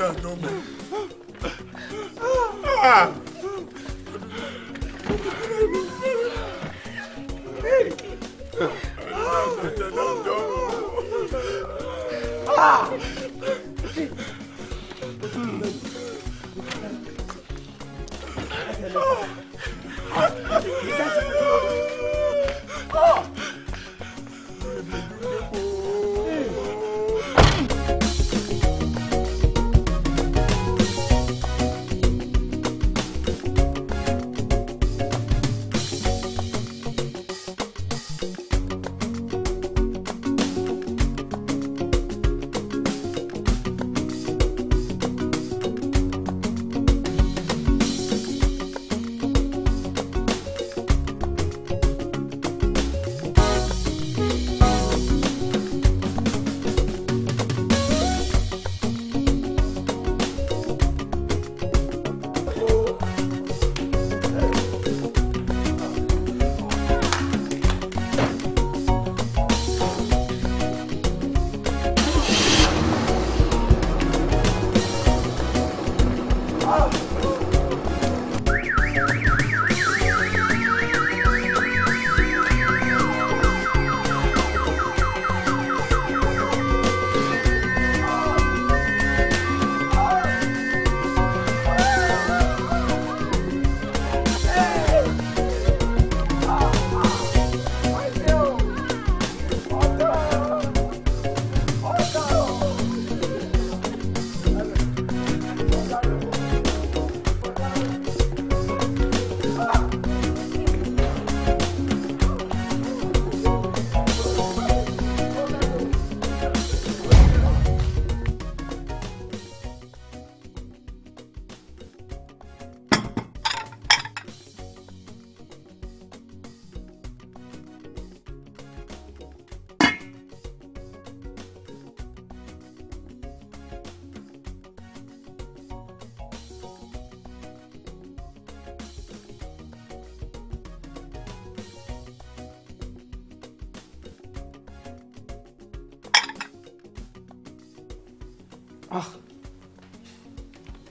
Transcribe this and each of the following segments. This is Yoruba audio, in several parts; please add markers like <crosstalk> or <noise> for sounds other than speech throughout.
dáa tó mọ̀. Ah!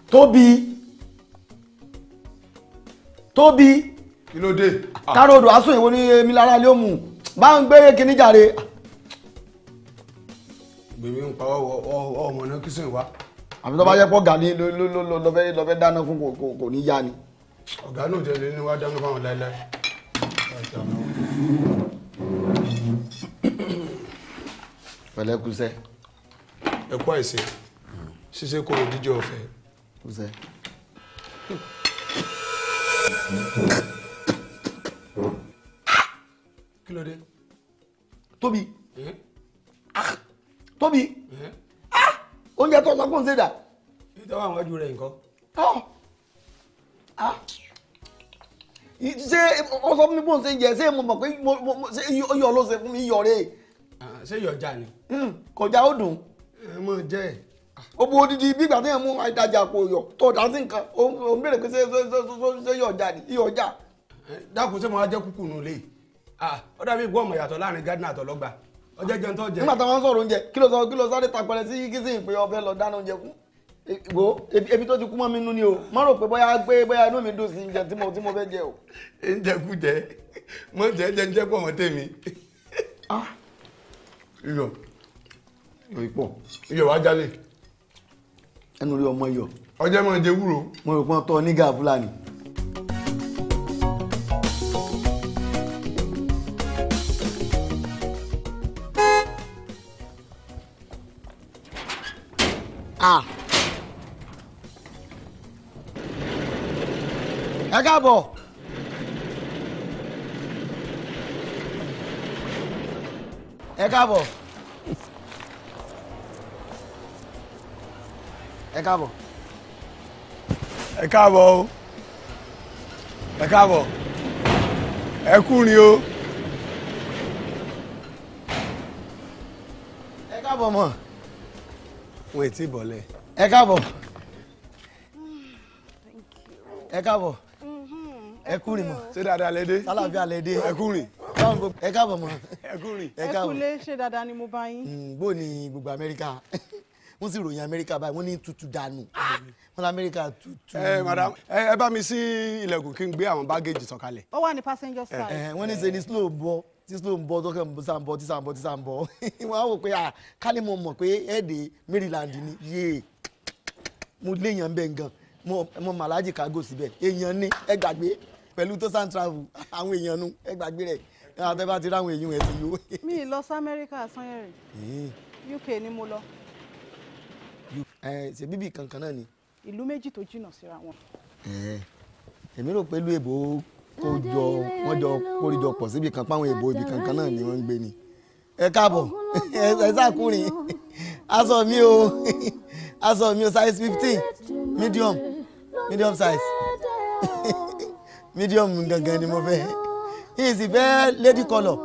tóbi tóbi kí ló dé. Ah. káróòdù asún èwo ni èmi lára ló mú bá ń gbére kíní jàre. gbèmí ń pa ọmọ náà kí sìn wá. àbí tó bá yẹ pọ̀ gàdí lọ́fẹ́ dáná fún kò ní yá ni. ọ̀gá náà jẹ́ lẹ́ni wá dáná fáwọn láéláé. pẹ̀lẹ́kùsẹ́. ẹ̀kọ́ àìsè ṣíṣe kò díjọ́ ọ̀fẹ́. José. kí ló dé. tóbi eh? ah! tóbi eh? ah! oúnjẹ tó sọ fún ṣe dà. ìtọ́wọ́ àwọn ojú rẹ̀ nǹkan. Ah! ṣé o sọ fún mi bóun ṣe ń jẹ ṣé mo mọ̀ pé ṣé iyọ̀ ló ṣe fún mi iyọ̀ rẹ̀. ṣé iyọ̀ já ni. Hmm, kọjá ó dùn. ẹ eh, mọ̀ jẹ́ ẹ̀. gbogbo odidi bí ìgbà téèyàn mú ìdájà àpò yọ tó dá sí nǹkan ó ń béèrè pé ṣé yọ ọjà ni iyọ ọjà. dákun ṣé mo ọ dàbí ìgbọ́ ọmọ ìyàtọ̀ láàrin gardener àtọlọ́gba ọjọ́ jẹun tó jẹ. nígbà táwọn sọ̀rọ̀ oúnjẹ kí ló sọ kí ló sáré tapẹ̀rẹ̀ sí kí sì ọbẹ̀ lọ dáná oúnjẹ ìgbò e, ebi tó ti kú mọ́ mi nú ni o ẹnu rí ọmọ yọ. ọjọ́ mọ̀ jẹ́ wúro. mo rò pọ́n tọ́ nígà fúlàní. ẹ káàbọ̀. ẹ káàbọ̀. ẹ káàbọ̀. ẹ káàbọ̀ o ẹ káàbọ̀ ẹ kúrin o. ẹ káàbọ̀ mọ̀ wọn ètí bọ̀lẹ̀ ẹ káàbọ̀ ẹ káàbọ̀ mm-hmm. ẹ kúrin mọ̀ ṣé dáadáa lẹ dé sálàbíà lẹ dé ẹ kúrin ẹ káàbọ̀ mọ̀ ẹ kúrin ẹ káàbọ̀ ẹ kúlé ṣé dáadáa ni mo bá yín. Mm, bó ni gbogbo Amẹ́ríkà wọ́n sì ròyìn amẹ́ríkà báyìí wọ́n ní tútù dànù ah! wọ́n ní amẹ́ríkà tútù. ẹ eh, madam eh, ẹ bá mi sí ilẹ̀kùn kí n gbé àwọn bágéèjì sọ̀kalẹ̀. ó wà ní passenger eh, side. wọ́n ní ṣe ní slow bọ́ tí slow ń bọ́ tọ́kẹ́ ń sàn bọ́ tí bọ́ tí bọ́ <laughs> wọ́n á wò pé kálí mo mọ̀ pé ẹ̀ẹ́dẹ̀ Maryland ni yéé mo léèyàn bẹ́ẹ̀ gan mo màlájì kágò síbẹ̀ èèyàn ni ẹ gbàgbé pẹ̀lú tó travel <laughs> àwọn èèyàn nu ẹ gbàgbé rẹ̀ àtẹ́bá ti ráwọn èèyàn ẹ̀ ti yó. mi lọ sí Amẹ́ríkà sanyẹ̀rì <laughs> UK ni mo lọ ẹ ṣe bíbí kankan náà ni. ìlú méjì tó jìnnà síra wọn. ẹ èmi rò pé ìlú èbó kó jọ wọn jọ kórìjọ pọ̀ síbi kan páwọn èbó ibi kankan náà ni wọ́n ń gbé ni. ẹ káàbọ̀ ẹ sàkúrin aṣọ mi o aṣọ mi o size fifteen medium medium size medium gangan ni mo fẹ́ yìí sì fẹ́ lady colour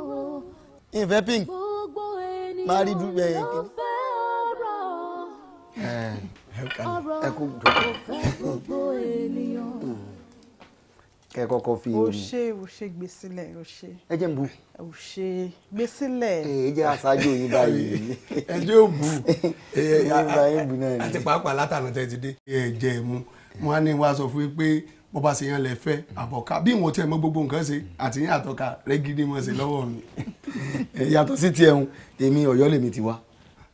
yìí fẹ́ pink máa rí dúpẹ́ kìíní ẹ kú dùn kẹ kọ́kọ́ fi. o ṣe o ṣe gbé sílẹ̀ o ṣe. ẹ jẹ́ n bu. o ṣe gbé sílẹ̀. ẹ jẹ́ aṣáájú yín báyìí. <laughs> ẹ jẹ́ ò bu. àti pàápàá látànà tẹ́ ti dé. ẹ jẹ́ ẹ mu wọn á ní wá sọ fún yín pé bó bá ṣe yan lẹ fẹ́ àbọ̀ká bí ìwọ̀n tiẹ̀ mọ gbogbo nǹkan ṣe àti yín àtọ́ka rẹ́gídí mọ̀ ṣe lọ́wọ́ mi. yàtọ̀ sí tiẹ̀ hun èmi ọ̀yọ́ lèmi ti wá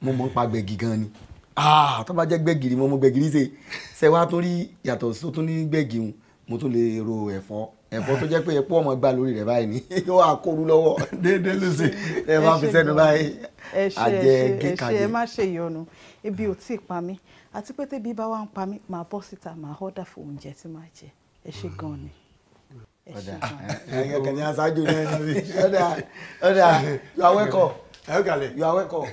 mo mọ̀ ń pa gbẹ̀gì gan ni ah tó bá jẹ́ gbẹ̀gìrì mo mú gbẹ̀gìrì ṣe ṣe wá tó rí yàtọ̀ tó tún ní gbẹ̀gìrì mo tún lè ro ẹ̀fọ́ ẹ̀fọ́ tó jẹ́ pé epo ọmọ gbà lórí rẹ̀ báyìí ni <laughs> ó wà kóru lọ́wọ́ <laughs> déédéé ló ṣe ẹ bá fi sẹ́nu báyìí àjẹ kíkàjẹ. ẹ ṣe ẹ má ṣe ìyọnu ebi ò tí ì pa mí àti pé tébi bá wà ń pa mí màá bọ́ síta màá họ́dà fún oúnjẹ tí màá jẹ ẹ ṣe gan ni ẹ ṣe gan. ẹyẹ kẹni <laughs> aṣáájú ní ẹni bí ọdà ọdà you are welcome you are welcome.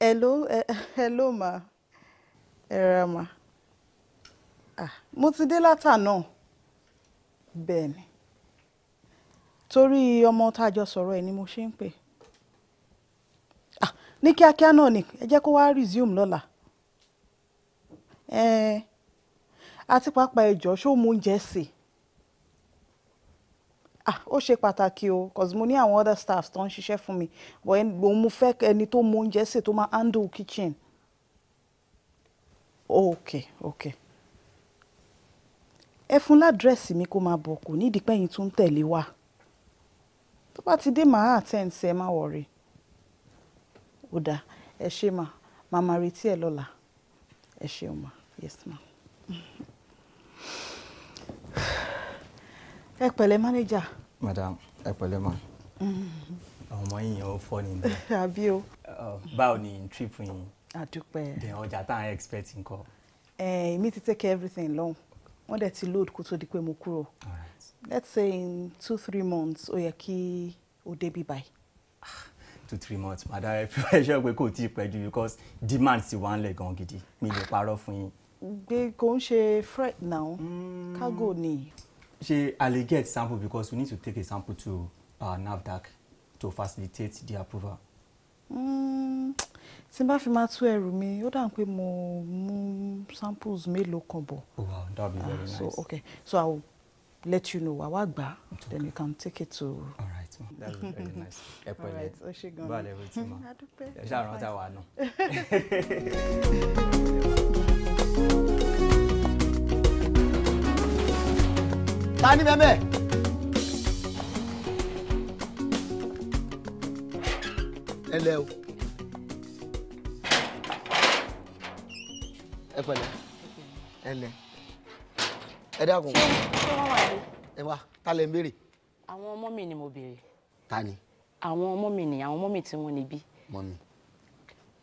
hello eh, hello ma ẹ̀rọ eh, ma ah, mo ti dé látànà bẹ́ẹ̀ ni torí ọmọ ta jọ sọ̀rọ̀ ni mo ṣe ń pè ah, ní kíákíá naa ni ẹ jẹ́ kó wa resume lọ́la. Eh, àti pàápàá ẹjọ́ ṣó mú oúnjẹ sè ah ó ṣe pàtàkì o cause mo ní àwọn other staffs tó ń ṣiṣẹ́ fún mi but òun mo fẹ́ ẹni tó mú oúnjẹ sè tó máa handle kitchen ok ok ẹ fún ládírẹ́sì mi kó máa bọ̀ kò nídìí pẹ́yìn tó ń tẹ̀lé wa tó bá ti dé màá attend sí ẹ má wọ̀rì ó dáa ẹ ṣe mà màmá retí ẹ lọ́la ẹ ṣeun mà yes ma ẹ pẹ̀lẹ́ mánéjà. madam ẹ pẹ̀lẹ́ ma àwọn ọmọ yìnyín ó fọ́ ni. <laughs> àbí o. báwo ni trip yín. àdúpẹ́. dẹ̀ ọjà tá à ń expect nǹkan. ẹ mi ti take everything long. wọ́n dẹ̀ ti load kó tó di pé mo kúrò. let's say in two three months ó yẹ kí o dé báyìí. Ah, two three months madam ẹ fi <laughs> ẹ ṣe pé kò tí ì pẹ́ jù because demand ti wà ń lẹ̀ gan gidi mi lè parọ́ fún yín gbé kò ń ṣe fret now mm. cargo ni. ṣe i le get sample because we need to take a sample to uh, NAFDAC to facilitate the approval. Mm. tí n bá fi máa tú ẹrù mi ó dà pé mo mú samples mélòó kan bọ̀. Oh, wow that would be very uh, nice. so okay so i will let you know àwa gbà then you can take it to. all right That ma be very <laughs> nice All right. bá <laughs> a lè retí ma ẹ ṣàrántà wa náà. <laughs> ta meme. bẹ́ẹ̀ ẹ lẹ o ẹ pẹ̀lẹ́ ẹ lẹ ẹ dákun ẹ wá ta lẹ ń béèrè. àwọn ọmọ mi ni mo béèrè. ta ni. àwọn ọmọ mi ni àwọn ọmọ mi tí wọ́n níbí. mọ́mì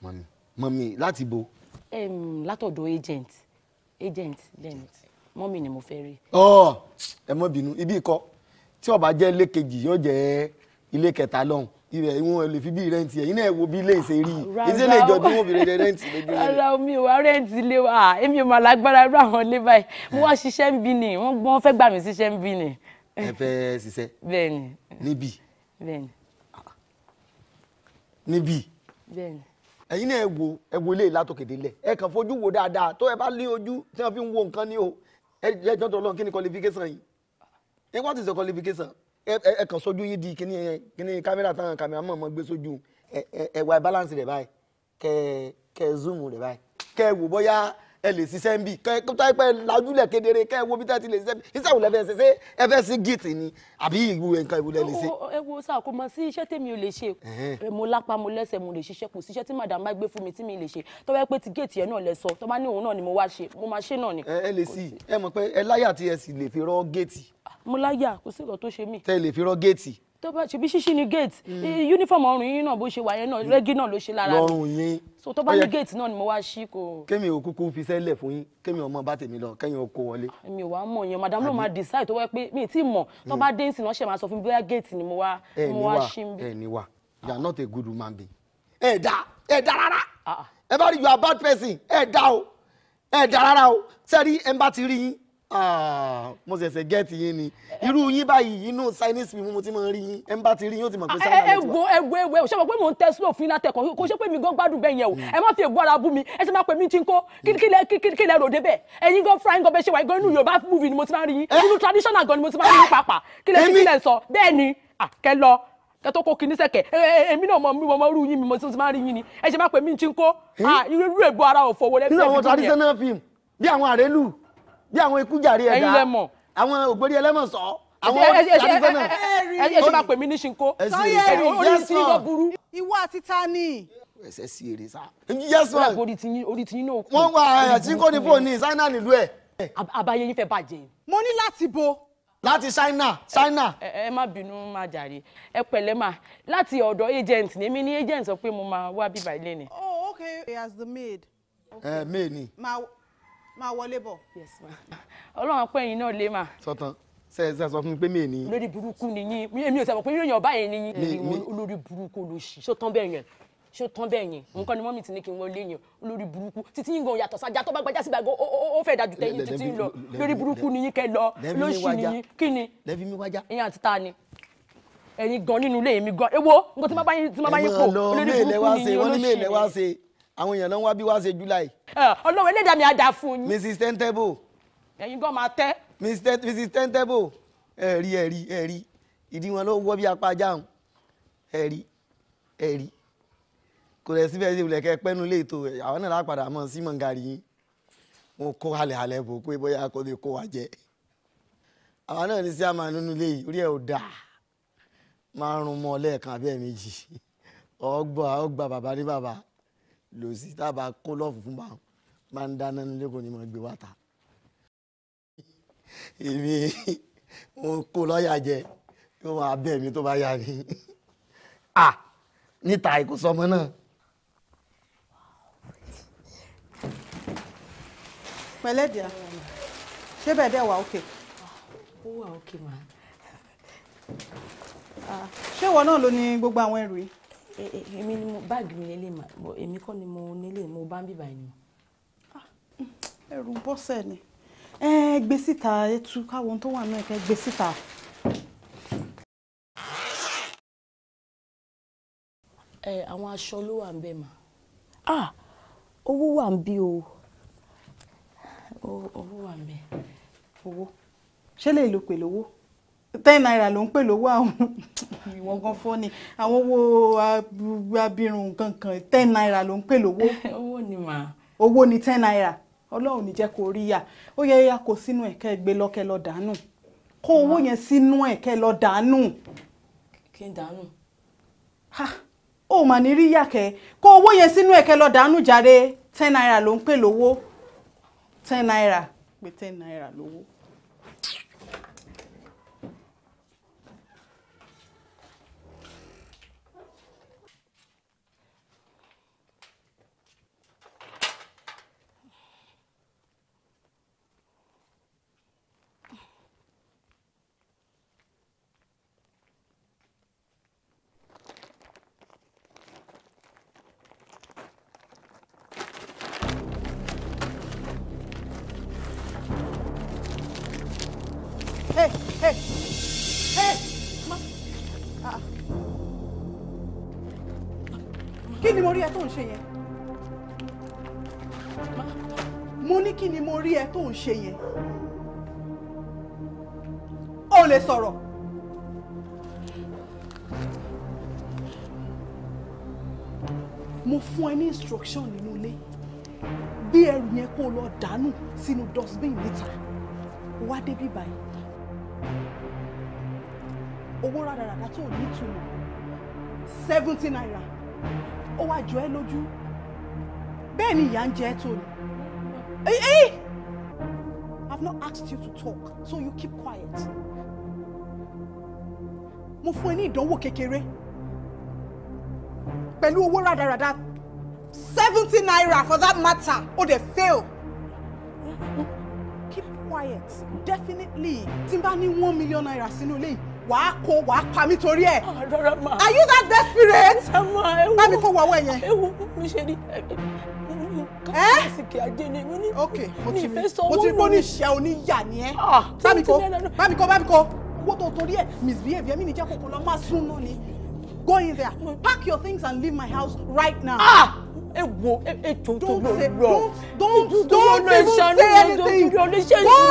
mọ́mì mọ́mì láti bo. látọ̀dọ̀ agent agent lẹ́nu mọ́mì ni mo fẹ́ rí. ọ ẹ mọ bínú ibi ikọ tí ó bá jẹ́ ilé kejì yóò jẹ́ ilé kẹta lọ́hùn ibẹ̀ ìwọ̀n lè fi bí rẹ́ǹtì ẹ̀ iná ẹ̀ wo bí ilé ìṣe rí i ìṣe lè jọ dúró bí rẹ́ǹtì lójú rẹ̀. ara mi ò wá rẹ́ǹtì wa èmi ò mà lágbára irú àwọn ilé báyìí mo wá ṣiṣẹ́ ń bí ni wọ́n gbọ́n fẹ́ gbà mí ṣiṣẹ́ ń bí ni. ẹ fẹ́ ṣiṣẹ́. bẹ́ẹ̀ni. níbí. bẹ́ẹ̀ni. níbí. bẹ́ẹ̀ni. ẹ̀yin náà ẹ wo ẹ wo ilé ìlàtọ̀kẹ̀dẹ̀ lẹ̀ ẹ kàn fojú wo dáadáa tó ẹ bá lé ojú tí wọ́n fi ń wo nǹkan ní o ẹ jẹ́ jọ́dọ̀ ọlọ́run kí ni qualification yìí ẹ what is your qualification ẹ kàn sójú yín di kíní kíní kámẹ́rà táwọn kámẹ́rà mọ̀ mọ́ gbé sójú ẹ wá balance rẹ̀ báyìí kẹ kẹ zoom rẹ̀ báyìí kẹ wò bóyá ẹ lè ṣiṣẹ́ ń bì kẹ́ tó ẹ pẹ́ lajúlẹ̀ kedere kẹ́ ẹ wo bí tẹ́ ti lè ṣiṣẹ́ iṣẹ́ ìwòlẹ́ fẹ́ ṣe ṣe ẹ fẹ́ sí gíìtì ni àbí ìwé nǹkan ìwòlẹ́ lè ṣe. ẹ wo sá kò mọ sí iṣẹ́ tèmi ò lè ṣe mo lápá mo lẹ́sẹ̀ mo lè ṣiṣẹ́ kò síṣẹ́ tí màdàmú bá gbé fún mi tí mi lè ṣe tó bá pẹ́ ti gíìtì yẹn náà lẹ sọ tó bá ní òun náà ni mo wá ṣe mo máa ṣe náà ni. ẹ lè sí ẹ mọ̀ pé ẹ láyà tí ẹ sì lè fi rọ géètì. Ah, mo láyà kò tó bá ṣe bí ṣíṣí ni gate mm. uniform ọrùn yín náà bó ṣe wà yẹn náà mm. rẹ́gí náà ló ṣe lára lọ́rùn yín so tó bá ní gate náà ni mo wá ṣí kò. kémi ò kúkú fi sẹ́lẹ̀ fún yín kémi ọmọ bá tèmi lọ kẹ́yìn oko wọlé. mi ò wá mọ̀ yẹn madam ló máa decide tó wẹ́ pé mi ì mọ̀ tó bá mm. dé ìsìn náà ṣe máa sọ fún mi bóyá gate ni mo wá ṣí mi. ẹ ní wa you are not a good woman be. ẹ dá ẹ dá rárá ah, ah. ẹ bá rí you are bad person ẹ dá o ẹ dá rárá o sẹ́rí ẹ bá ti rí yín Ah, mo ṣẹ̀ṣẹ̀ get yín ni irú yín báyìí inú sinus mi mo ti máa ń rí yín ẹ ń bá ti rí yín ó ti mọ̀ pé sinus ah, ẹ eh, eh, eh, wo ẹ wo ẹ wo ẹ ṣe mọ̀ pé mò ń tẹ slow fún iná tẹ̀kọ̀ kò ṣe pé mi gan gbádùn bẹ́ẹ̀ yẹn o hmm. ẹ má fi ègbó ara bú mi ẹ ṣe máa pè mí tí n kó kí lẹ ròde bẹ́ẹ̀ ẹ̀yin gan frying gan bẹ́ẹ̀ ṣe wà gan inú yorùbá movie ni mo ti máa ń rí yín inú traditional gan ni mo ti máa ń rí yín pàápàá kí lẹ kí lẹ sọ bẹ́ẹ̀ ah, kẹtọ kó kinní sẹkẹ èmi náà mọ mi mọ irú yín mi mo ti máa ń rí yín ni ẹ ṣe máa pè mí tí n kó irú ègbó ara òfò wo nínú àwọn traditional film bí àwọn àrélù bí àwọn ikú jàre ẹ̀dá àwọn ògbórí ẹlẹ́mọ̀ sọ àwọn ṣàdúgbọ́nà. ẹ ṣe máa pè mí ní ṣinko orí sí ló burú. ìwọ àti ta ni. ẹsẹ sí èrè sá. yes ma orí ti yín orí ti yín náà. wọn wá ẹ ṣinko ní fóònù ní ṣáínà nílùú ẹ. àbáyé yín fẹ́ bàjẹ́. mo ní láti bo láti ṣáínà ṣáínà. ẹ má bínú má jàre ẹ pẹ̀lẹ́ mà láti ọ̀dọ̀ agent ni èmi ní agent sọ pé mo máa wá bíbá ilé ni. oh okay as the maid. ẹ maid ni máa wọlé bọ̀. yes ma ọlọ́run pé ẹ̀yin náà lé mà. sọtàn ṣe ẹ sọ fún mi pé mi ò ní. lórí burúkú ni yín mi ò sọ pé yóò yàn báyìí ni yín olórí burúkú ló ṣì ṣó tán bẹ́ẹ̀ yẹn ṣó tán bẹ́ẹ̀ yẹn nǹkan ni mọ́mì ti ní kí n wọlé yẹn olórí burúkú títí yín gan yàtọ̀ sájà tó bá gbajá sígbà gan ó fẹ́ dájú tẹ́yìn títí ń lọ lórí burúkú ni yín kẹ lọ lóṣì ni yín kí ni ìyẹn àti ta ni ẹ̀yin gan nínú ilé mi gan ewo nǹkan tí má bá yín pò olórí burúkú ni yín olóṣì ni yín àwọn èèyàn náà wá bí wá ṣe july. ọlọ́run ẹlẹ́dàá mi á dà fún yín. mrs tentebo. ẹ̀yin gan máa tẹ́. mrs tentebo ẹ̀rí ẹ̀rí ẹ̀rí ìdí wọn ló wọ́ bí apá ajá hàn ẹ̀rí ẹ̀rí kò rẹ̀ síbẹ̀ ṣe ìlẹ̀kẹ́ pẹ́nu lè tó àwọn náà lápadà mọ̀ sí mọ̀ngàrí yín mo kó halẹ̀ halẹ̀ bò pé bóyá kò lè kó wa jẹ àwọn náà ní sí àmà nínú ilé yìí orí ẹ̀ ò dáa máa ń rún mọ́ lẹ́ẹ̀kan abẹ́ẹ̀ méjì ọgbà ọgbà bàbá ní bàbá lò sí tábà kó lọ́ọ̀fù fún báwọn máa ń dáná nílé kò ní máa gbé wá ta èmi mo kó lọ́ọ̀yà jẹ yóò máa bẹ̀ mí tó bá yà ni à níta ìkó sọmọ náà. pẹ̀lẹ́dìá ṣé bẹ́ẹ̀ dẹ̀ wà òkè. ó wà òkè mà. ṣé ìwọ náà ló ní gbogbo àwọn ẹrù yìí. Eh, eh, èmi ni mo báàgì mi nílé mà èmi kọ́ ni mo nílé mo bá ń bì báyìí ni. Ah, mm, ẹrù bọ́sẹ̀ ni gbé síta etu káwọn tó wà náà kẹ́ gbé síta. ẹ àwọn aṣọ ló wà ń bẹ̀ mà ah owó wà ń bí o owó wà ń bẹ̀ owó ṣé lè lo pẹ̀lú owó. ten naira ló ń pè lówó àwọn <laughs> ìwọ̀n gan fọ́ ni àwọn owó abirùn kankan ten naira ló ń pè lówó. <laughs> owó ni mà. owó ni ten naira ọlọ́run ní jẹ́ kó rí yà ó yẹ yà kó sínú ẹ̀kẹ́ gbé lọ́kẹ́ lọ dànù kó owó yẹn sínú ẹ̀kẹ́ lọ dànù. kí n dànù. ó mà ní rí yà kẹ́ kó owó yẹn sínú ẹ̀kẹ́ lọ dànù jàre ten naira ló ń pè lówó ten naira pé ten naira lówó. ń ṣe yẹn ó lè sọ̀rọ̀. mo fún ẹ ní instruction nínú ilé bí ẹrù yẹn kó lọ dànù sínú dustbin níta wá débi báyìí owó rádaràdà tó ní ìtumọ̀ seventy naira ó wá jọ ẹ́ lójú bẹ́ẹ̀ ni ìyà ń jẹ ẹ́ tó ni. I've not asked you to talk, so you keep quiet. Mo fún ẹ ní ìdánwò kékeré pẹ̀lú owó rádaràda seventy naira for that matter o oh, dey fail. Keep quiet definitely tí n bá ní one million naira sínú ilé yìí wàá kó wàá pa mí torí ẹ. Ah, are you that desperate? rárá ma ẹ wo ẹ yẹn. ẹ wo mi ṣe rí lásìkò ajé ni mo ní mi ìfẹ́ sanwó lórí. mo ti rí mo ní ìṣẹ́ oníyà ni ẹ́ bábìkọ bábìkọ bábìkọ owó tó torí ẹ̀ misbehave ẹ̀mí nìjẹ́ kòkòrò máa sún náà ni go in there pack your things and leave my house right now. Ah! ẹ wo ẹ tó tó lọ lọ don't don't don't even say anything go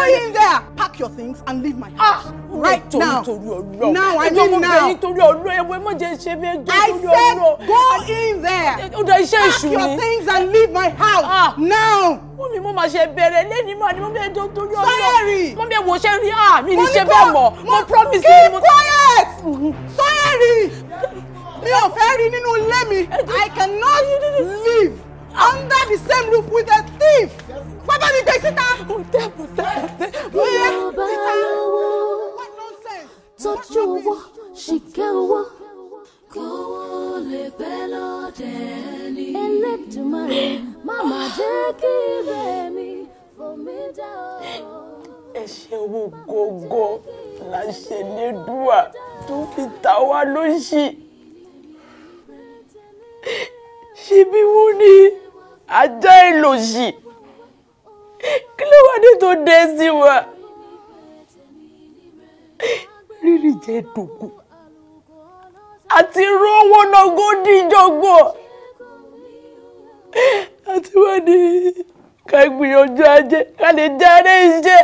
in there pack your things and leave my house ah, right now now I mean now I said go in there pack your things and leave my house ah, now wọ́n mi mo máa ṣe bẹ̀rẹ̀ lẹ́ni máa ni mo bẹ̀rẹ̀ tó torí ọ̀rọ̀ sọ́yẹ̀rì mo bẹ̀rẹ̀ wò ṣe rí à ah, mi ní ṣe bẹ́ẹ̀ mọ̀ mo promise you. keep quiet mm-hmm. sọ́yẹ̀rì mi ò fẹ́ rí nínú ilé mi I cannot live under the same roof with a thief bàbá mi gbé síta. bùtẹ́ bùtẹ́ what nonsense. tọ́jú owó ṣìkẹ́ owó. kówó lè pẹ́ lọ́dẹ ni. Elédùmarè má jẹ́ kí rẹ̀ mi fomi dá o. ẹ ṣeun gógó la ṣe lè tó fi ta wá lóṣì ṣebí wọ́n ní ajá ìlòṣì kí ló wà ní tó dé sí wa rírì jẹ́ dòkú àti rówó nágó díjọgbọ́ àti wà ní ká gbìyànjú ajé ká lè jáde iṣẹ́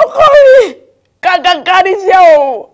ọkọ mi kàkàkà níṣẹ́ òun.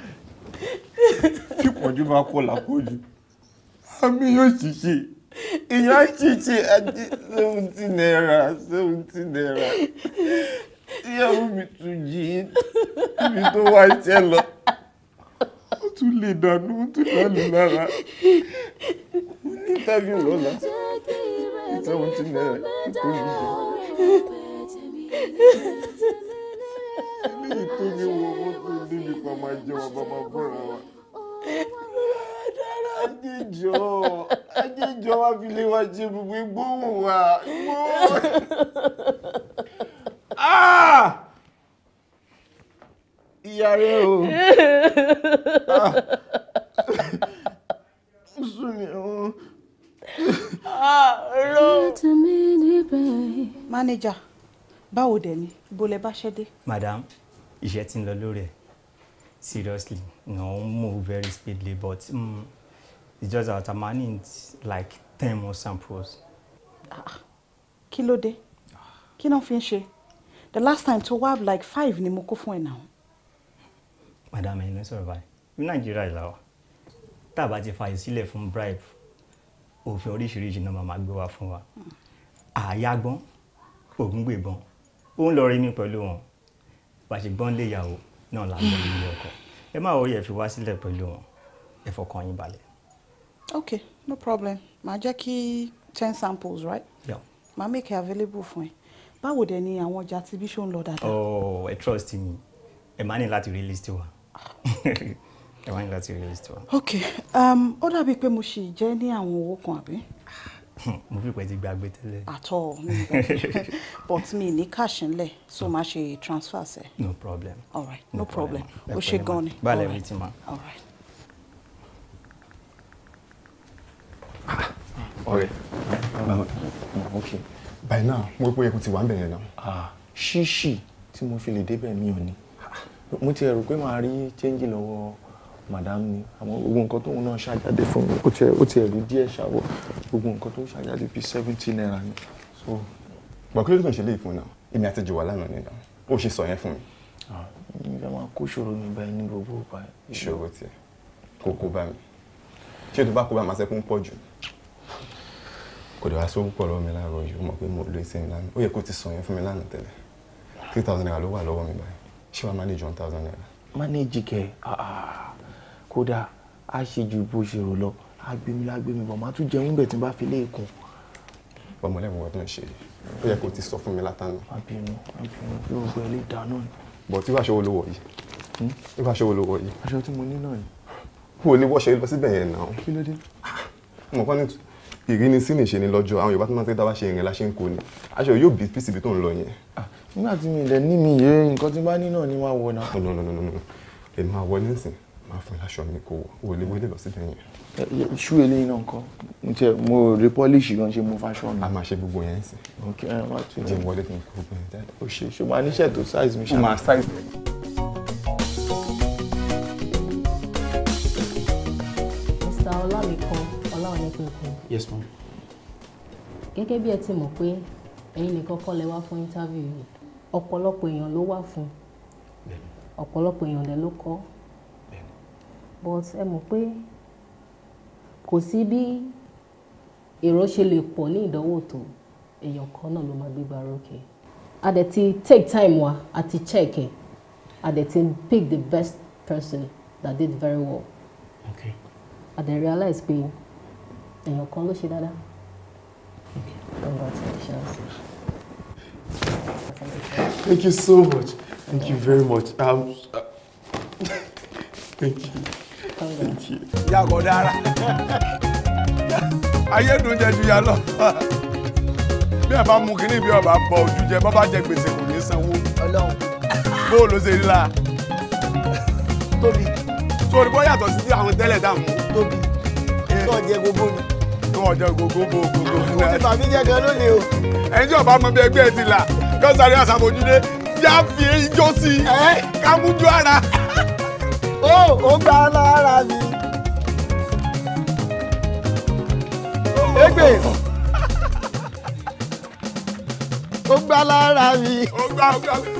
tí pọ̀jù bá kọ́ làpọ̀jù àmì yóò ṣìṣe ìyá ṣìṣe àti seventy naira seventy naira ìyàwó mi tún jí ibi tó wá iṣẹ́ lọ ó tún lè dànù ó tún lọ́lù lára interview lọ́la seventy naira tó lù jẹ ní tó ní wo wọ́n tó níbi kan máa jẹ́ wọn bá máa bọ́ra wa. ajéjọ ajéjọ wa fi lè wá jẹ gbogbo gbóhùn wa gbóhùn. Ah! ìyá rẹ o sùn ni o. Manager báwo dẹ̀ ni ibo lẹ bá ṣẹ́ dé. madam iṣẹ́ ti ń lọ lórí ẹ̀ seriously no move very speedily but um, it's just that i'm earning like ten more samples. Ah, kí ló dé kí ló fi ń ṣe the last time to wá like five ni mo kó fún ẹ náà. madam ẹ̀yin ló sọ̀rọ̀ báyìí ní nàìjíríà ìlà wa tá a bá ti fààyè sílẹ̀ fún bribe òfin oríṣiríṣi náà máa gbé wá fún wa hmm. àyà gbọ́n ògúngbè gbọ́n ó ń lọ rí mi pẹ̀lú wọn bàṣẹgbọ́n lè yàwó náà là ń lọ nílé ẹ má wọ yẹ fi wá sílẹ̀ pẹ̀lú wọn ẹ fọkàn yín balẹ̀. ok no problem màá jẹ́ kí ten samples right yeah. màá make it available fún ẹ báwo dẹ̀ ni àwọn ọjà tí bíṣọ ń lọ dáadáa. ọ oh, ẹ trust me ẹ máa ní láti rí list wa <laughs> ẹ máa ní láti rí list wa. ok um, ó dàbíi pé mo ṣì jẹ́ ní àwọn owó kan àbí mo fi pẹ́ ti gbàgbé tẹ́lẹ̀. àtọ̀ mi <laughs> but me, ní cash ńlẹ̀ so hmm. máa ṣe transfer sẹ́. no problem. all right no, no problem o ṣe gan ni. balẹ̀ mi ti ma. all right. ọ̀rẹ́ ah, ah, ok by now mo rí pé ẹkùn ti wà ń bẹ̀rẹ̀ náà ah, ṣíṣì tí mo fi lè débẹ̀ mi ò ní mo ti rò pé màá rí chẹ́ńjì lọ́wọ́ madam ni àmọ́ gbogbo nǹkan tóun náà ṣàjáde fún mi ó ti ẹ̀rú díẹ̀ ṣàwọ̀ gbogbo nǹkan tó ṣàjáde bíi seventy naira ni. gbọ̀n kí ló tún ṣe léyìí fún náà èmi àti jùwà lánàá nìyà ó ṣe sọ yẹn fún mi. Ah, mi fẹ́ máa kó ìṣòro mi báyìí ní gbogbo ìgbà. ìṣòro tiẹ̀ kò kó bá mi ṣé tó bá kó bá máa sẹ́kún pọ̀ jù kò dé wá sówó pọ̀ lọ́wọ́ mi láàárọ̀ yìí ó mọ̀ pé mo lo ìsinmi lánàá ó yẹ kó ti sọ yẹn fún mi lánàá tẹ́lẹ̀ three thousand naira ló wà lọ́wọ́ mi báyìí ṣé ah, ah kódà á ṣe ju bó ṣe rò lọ á gbé mi lágbé mi bọ̀ máa tún jẹun bẹ̀ tí n bá fi léèkùn. ọmọ lẹ́wọ̀n ọdún ṣe ó yẹ kó o ti sọ fún mi látàná. àbínú àbínú yóò gbẹ ilé ìdáná ni. bọ̀ tí wàá ṣe wo ló wọ̀ yìí tí wàá ṣe wo ló wọ̀ yìí. aṣọ tí mo ní náà ni. wo lè wọṣọ lọ síbẹ̀ yẹn náà. kí ló dé. Ah, mo kọ́ ni ìrìn ni sí nìṣe ni lọ́jọ́ àwọn Yorùbá tó máa ń tẹ́tà bá ṣe ìrìn la ṣe ń kó ni aṣọ yóò bí pcb tó ń lọ yẹn. Ah, nígbà tí mi ilẹ̀ ní mi yé nǹkan tí bá ní náà ni máa wọ̀ náà. Oh, no no no no èmi máa wọ nísìnyí máa fún láṣọ mi kó wọlé wọlé lọ síbẹ̀ yẹn. ṣú eléyìí náà kọ́ mo tẹ mo rí pọ́líṣì gan ṣe mo fáṣọ mi. a máa ṣe gbogbo yẹn sí. ok ẹ wá tó yẹn. wọlé kí n kó gbogbo jáde. o ṣe ṣùgbọ́n aníṣẹ́ tó size mi ṣá. o máa size mi. Mr. Ọlámikan Ọláwọlẹ́kùn kan. yes ma'am. gẹ́gẹ́ bí ẹ ti mọ̀ pé ẹ̀yin nìkan kọ́ lẹ wá fún interview yìí ọ̀pọ̀lọpọ̀ èèyàn ló wà fún ọ̀pọ̀lọpọ̀ èèyàn lẹ ló kọ́ but ẹ mọ̀ pé kò sí bí èrò ṣe lè pọ̀ ní ìdánwò tó èèyàn kan náà ló máa gbégbá rókè a dẹ̀ ti take time wa a ti check ẹ̀ a dẹ̀ ti pick the best person that did very well okay. a dẹ̀ realize pé èèyàn kan ló ṣe dáadáa okay. Thank you so much. Thank you very much. Um, uh, <laughs> thank you ìyá kò dára ayé dùn jẹ ju ya lọ bí ẹ bá mú kínní bí ọba bọ ojú jẹ bọ́ bá jẹ gbèsè kò ní sanwó bóòlù ṣe rí la tóbi sórí bọ́ yàtọ̀ sí àwọn tẹ́lẹ̀ dà mú tóbi tó jẹ gbogbo mi tó ọjọ gbogbo bo gbogbo mi náà òbí bàbí jẹ gan lónìí o ẹni tí ọba mọ bí ẹgbẹ́ ẹ ti là yọ sáré àṣàbòjúdé yá fi ijó sí i kámújú ara ó ó gbà lára mi. Egbe ó gbà lára mi. Ó gbà ó gbà mi.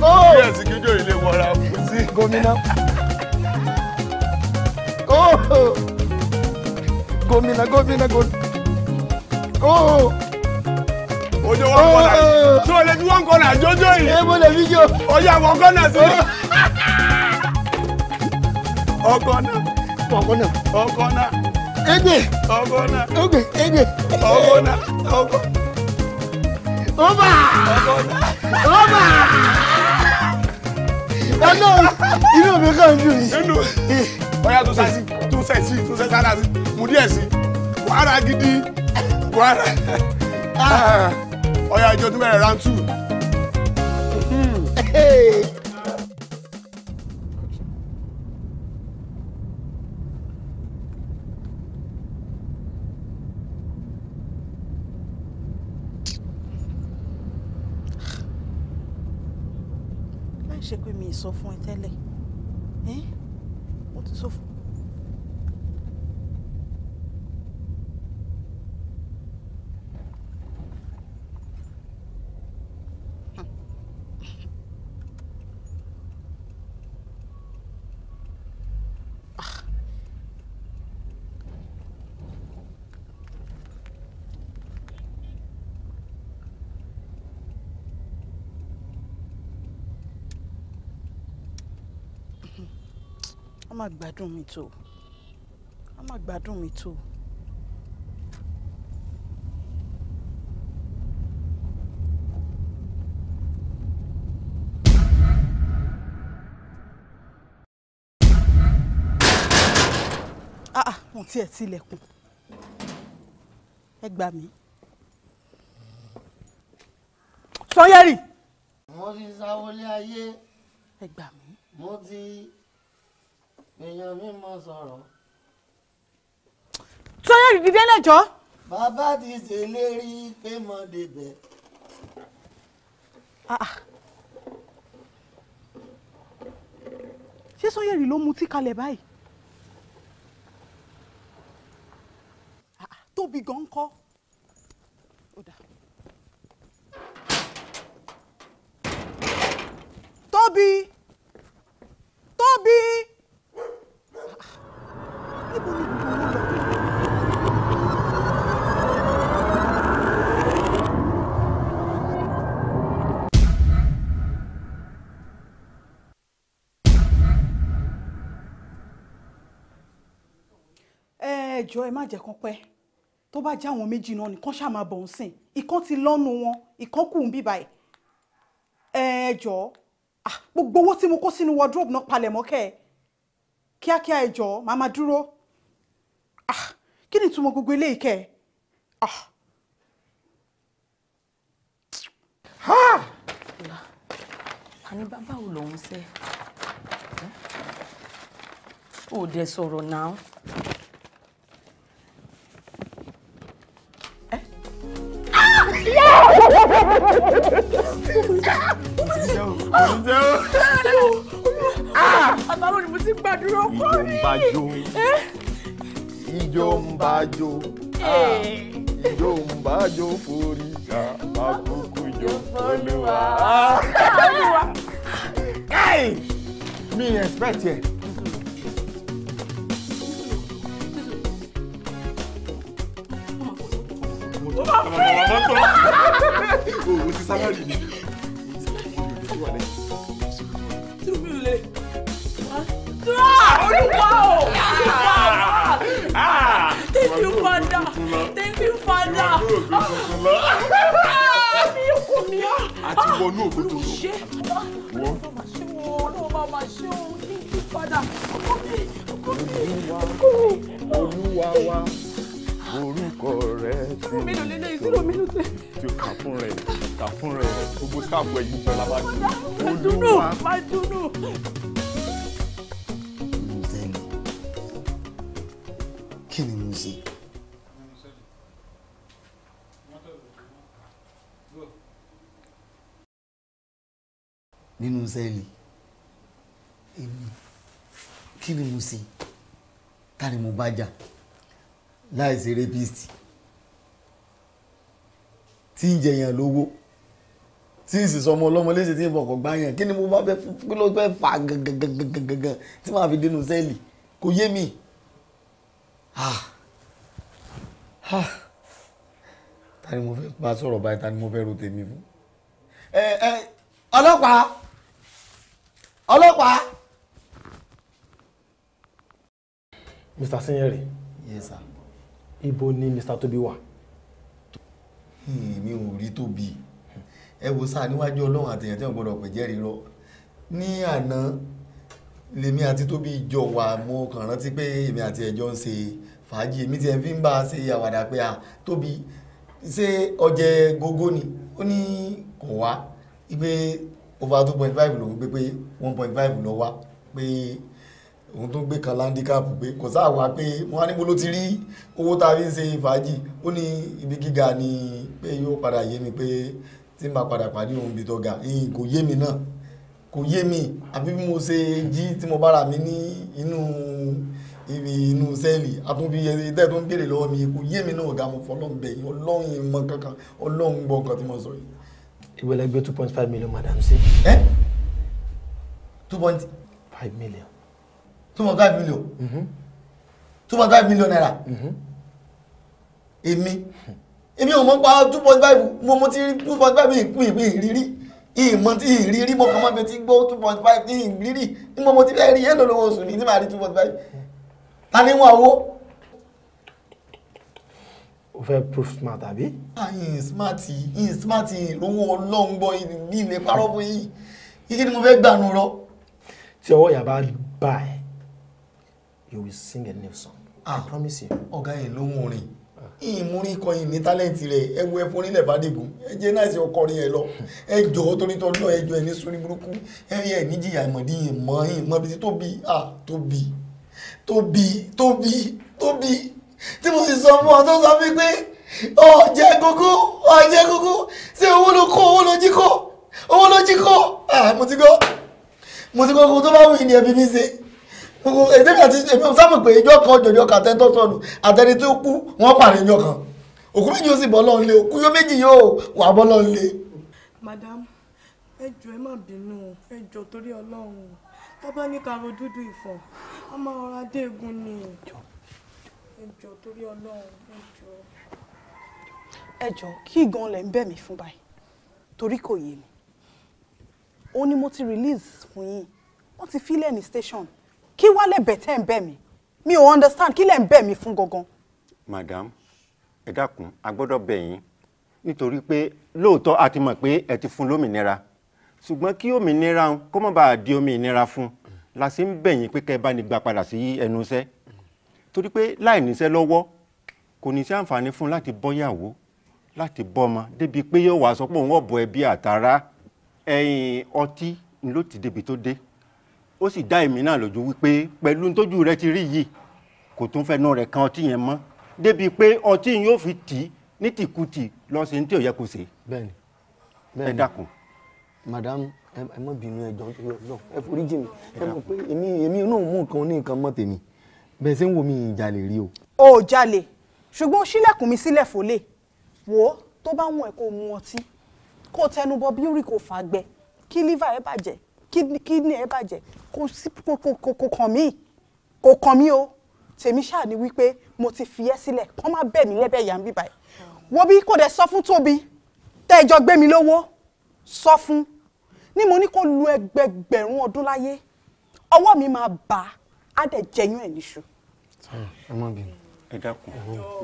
Ó bí ẹ̀sìn kíjọ ilé wọra kò sí. Gómìnà. gómìnà gómìnà gómìnà. Ó ojú wọn kọ́nà tí o lè fi wọn kọ́nà jójó yìí. ẹ mo lè fi jó. ojú àwọn kọ́nà sí. ọkọ náà. ọkọ náà. ọkọ náà. ege. ọkọ náà. oge ege. ọkọ náà. ọkọ. ọba. ọkọ náà. ọba. ọlọ́run inú mi kàn ń dùn yìí. inú ọ̀yà tó sẹ́sì tó sẹ́sì tó sẹ́sì ara sí mú díẹ̀ sí wàhálà gidi wàhálà. Ah ọ̀yà ìjọ tún bẹ̀rẹ̀ round two. láì ṣe pé mi ì sọ fún ẹ tẹ́lẹ̀ mo ti sọ fún má gbádùn mi tó a má gbádùn mi tó. Ah, ah, mo tiẹ̀ tilẹ̀kùn ẹ gbà mí. Sanyẹ́rì. mo ti sáwọlé ayé. ẹ gbà mí. mo ti èèyàn mi mọ sọ̀rọ̀. sọ́yà bíbí bẹ́ẹ̀ náà jọ. bàbá ti ṣèlérí pé mo débẹ̀. Ah, ah. ṣé sọ́yẹ̀rì ló mutí kalẹ̀ báyìí. Ah, tóbi gan kọ́. tóbi tóbi níbo ni gbogbo owó lọ. ẹ jọ̀ọ́ ẹ má jẹ́ kán pẹ́ tó bá já àwọn méjì náà nìkan ṣáà máa bọ̀ ń sìn ìkan ti lọ́nu wọn ìkan kù ń bíbá ẹ jọ̀ọ́ ah, gbogbo owó tí mo kó sínú wardrobe náà palẹ̀mọ́ kẹ́ ẹ kíákíá ẹ jọ̀ọ́ màá máa dúró ah kí ni ìtumọ̀ gbogbo eléyìí kẹ́ ah. àní bàbá wo lòun ṣe ò dẹ̀ sọ̀rọ̀ náà. Àtàrò ni mo ti gbàdúrà kọ́ rí ìjó ń bá jó ìjó ń bá jó forí jà àkókò jó olúwa. olúwa káì mi expect yẹ. <laughs> owó ti sálárì ni olùwà lẹ́yìn. olùwà olùwà o. Thank you, Father. Thank you, Father. Ah, mi ò kò mí á. Ah. Àti wọnú òkúta lọ. Ṣé ah, wọ́n máa ṣe wọ́n ọlọ́wọ́ máa ṣe òun? Thank you, Father. Ọkọ mi, ọkọ mi, ọkọ mi. Olúwa wa orúkọ rẹ ti mi tó tí o kà fún rẹ kà fún rẹ gbogbo sáàpù ẹ̀yìn jọ lábàdàn. Olúwa. Máa dúró, máa dúró. nínú sẹ́ẹ̀lì èmi kí ni mo ṣe ta ni mo bá jà láì ṣe rapist tí ń jẹyàn lówó tí ń sì sọmọ ọlọ́mọ léṣe tí ń bọ̀kọ̀ gbá yàn kí ni mo bá fẹ́ fà gangan tí màá fi dénú sẹ́ẹ̀lì kò yé mi. ta ni mo fẹ́ bá sọ̀rọ̀ báyìí ta ni mo fẹ́ ro tèmi fún. ọlọ́pàá ọlọ́pàá. mr sinyere. yes sir. ibo ni mr tobi wà. Hmm, mi ò rí tobi ẹ wo sáà níwájú ọlọ́run àtẹ̀yàn tí wọ́n gbọ́dọ̀ pẹ̀ jẹ́rìí rọ ní àná lèmi àti tóbi jọ wà mo kàn rántí pé èmi àti ẹ̀jọ́ ń ṣe fàájì èmi tiẹ̀ fi ń bá a ṣe àwàdà pé à tóbi ṣé ọjẹ gógó ni ó ní kò wá ibi over two point five lòún gbé pé one point five lọ wá pé òun tó gbé kan láńdíkàpù pé kò sáà wá pé wọn á ní mo ló ti rí owó tá a fi ń ṣe fàájì ó ní ibi gíga ni pé yóò padà yé mi pé tí n bá padà pàdé òun bí tó ìyìn kò yé mi náà kò yé mi àbí bí mo ṣe jí tí mo bára mi ní inú ibi inú sẹ́ẹ̀lì àtúnbí ẹni tẹ́ tó ń béèrè lọ́wọ́ mi kò yé mi náà ọ̀gá mo fọlọ́ọ̀ bẹ̀yìn ọlọ́run ìmọ̀ kankan ọlọ́run gbọ́ nǹkan tí mo sọ yìí ìwé lẹ́gbẹ́ two point five million madam sí. ẹ two point five million. two point five million. Mm-hmm. two point five million naira. Mm-hmm. èmi èmi ò mọ̀ pa two point five mo mo ti rí two point five ìpín ìpín ìrírí ìmọ̀ tí ìrírí mo kàn máa fi ti gbọ́ two point five ní ìrírí ní mo mo ti fẹ́ rí yẹn lọ́wọ́ oṣù ní tí màá rí two point five ta ni wọn owó o fẹ́ proof smart Abi. ayin ah, smart yin smart yin lówó ọlọ́run gbọ́ ní ilé parọ́ fún yìí kíkí ni mo fẹ́ gbànú rọ. tí ọwọ́ yàrá bá ẹ you will sing a new song. I ah, promise you. ọ̀gá yẹn ló ń orin ìmúrí kọyìn ní tálẹ́ǹtì rẹ̀ ẹ wo ẹfun onílẹ̀ fàdégùn ẹ jẹ́ náà ṣe ọkọrin ẹ lọ ẹ jọ torítọ́ lọ ẹ jọ ẹ ní sunni burúkú ẹ rí ẹ níjìyà ìmọ̀dí ìmọ̀ ìmọ̀ bíi tóbi ah tóbi tóbi tóbi tóbi tí mo sì sọ fún ọ tó sọ fún mi pé ọ̀jẹ̀ gógó ọ̀jẹ̀ gógó ṣé owó ló kó owó ló jí kó owó ló jí kó ah, mo ti gbọ́ mo ti gbọ́ kó tó bá wù ní ẹbí mi ṣe èdè mi àti èmi sábà pé ìjọ kan jòjò kàtẹ́ tó sọnù àtẹni tó kú wọ́n pààrọ̀ ìjọ kan òkú méjì yóò sì bọ́ lọ́nlé òkú yóò méjì yóò wà bọ́ lọ́nlé. madam ẹ jọ̀ọ́ ẹ má bínú ẹ torí Ọlọ́run tá bá ní ká ro dúdú ìfọ̀ a máa rọra dé egun ni ẹjọ torí Ọlọ́run ẹjọ. ẹjọ kí gan lẹ ń bẹ̀ mí fún báyìí torí kò yé mi ó ní mo ti release fún yín wọ́n ti fílẹ̀ ní station kí wàá lẹ̀ bẹ̀tẹ̀ ń bẹ̀ mí mi ò understand kí lẹ̀ ń bẹ̀ mí fún gangan. madam ẹ dákun a gbọ́dọ̀ bẹ̀ yín nítorí pé lóòótọ́ a ti mọ̀ pé ẹ ti fún lómìnira ṣùgbọ́n kí òmìnira kó má bàa di òmìnira fún la ṣe ń bẹ̀ yín pé kẹ́ ẹ bá ní gbà padà sí ẹnu iṣẹ́ torí pé láì níṣẹ́ lọ́wọ́ kò ní sí àǹfààní fún láti bọ́yàwó láti bọ́mọ débi pé yóò wá sọ pé òun ọ̀bọ ẹbí àtàrà ẹ̀yìn ọtí ló ti débi tó dé ó sì dá èmi náà lójú wípé pẹ̀lú tójú rẹ ti rí yìí kò tún fẹnu rẹ̀ kan ọtí yẹn mọ́ débi pé ọtí yóò fi tì í ní tìkùtì lọ́sẹ̀ ní tí ò yẹ kó ṣe. bẹ́ẹ̀ni bẹ́ẹ̀ni ẹ dákun. madam ẹ mọ bínú ẹ jọ ẹ foríjì mi ẹ mọ pé èmi èmi náà mú nǹkan ní nǹkan mọ tèmi bẹ́ẹ̀ ṣe ń wo mi ìjàlè rí o. o jalè ṣùgbọ́n ṣílẹ̀kùn mi sílẹ̀ fòlè wò ó tó bá wọn ẹ̀ kó mu ọtí kó tẹnubọ bí orí kò fà gbẹ kí liver ẹ bàjẹ́ kídìní ẹ bàjẹ́ kò kàn mí kò kàn mí o tèmi ṣáà ni wípé mo ti fi ẹ́ sílẹ̀ kọ́ má bẹ̀ mí lẹ́bẹ̀ yà ń bíbá ẹ̀ wo bí kò dẹ̀ sọ fún tóbi tẹ́ ẹ jọ gbé mi lówó sọ fún ni mo ní kó lu ẹgbẹgbẹ̀rún ọdún láyé ọwọ́ mi máa bà á á dẹ̀ jẹyún ẹ̀ níṣu. ẹ má bínú. ẹ dákun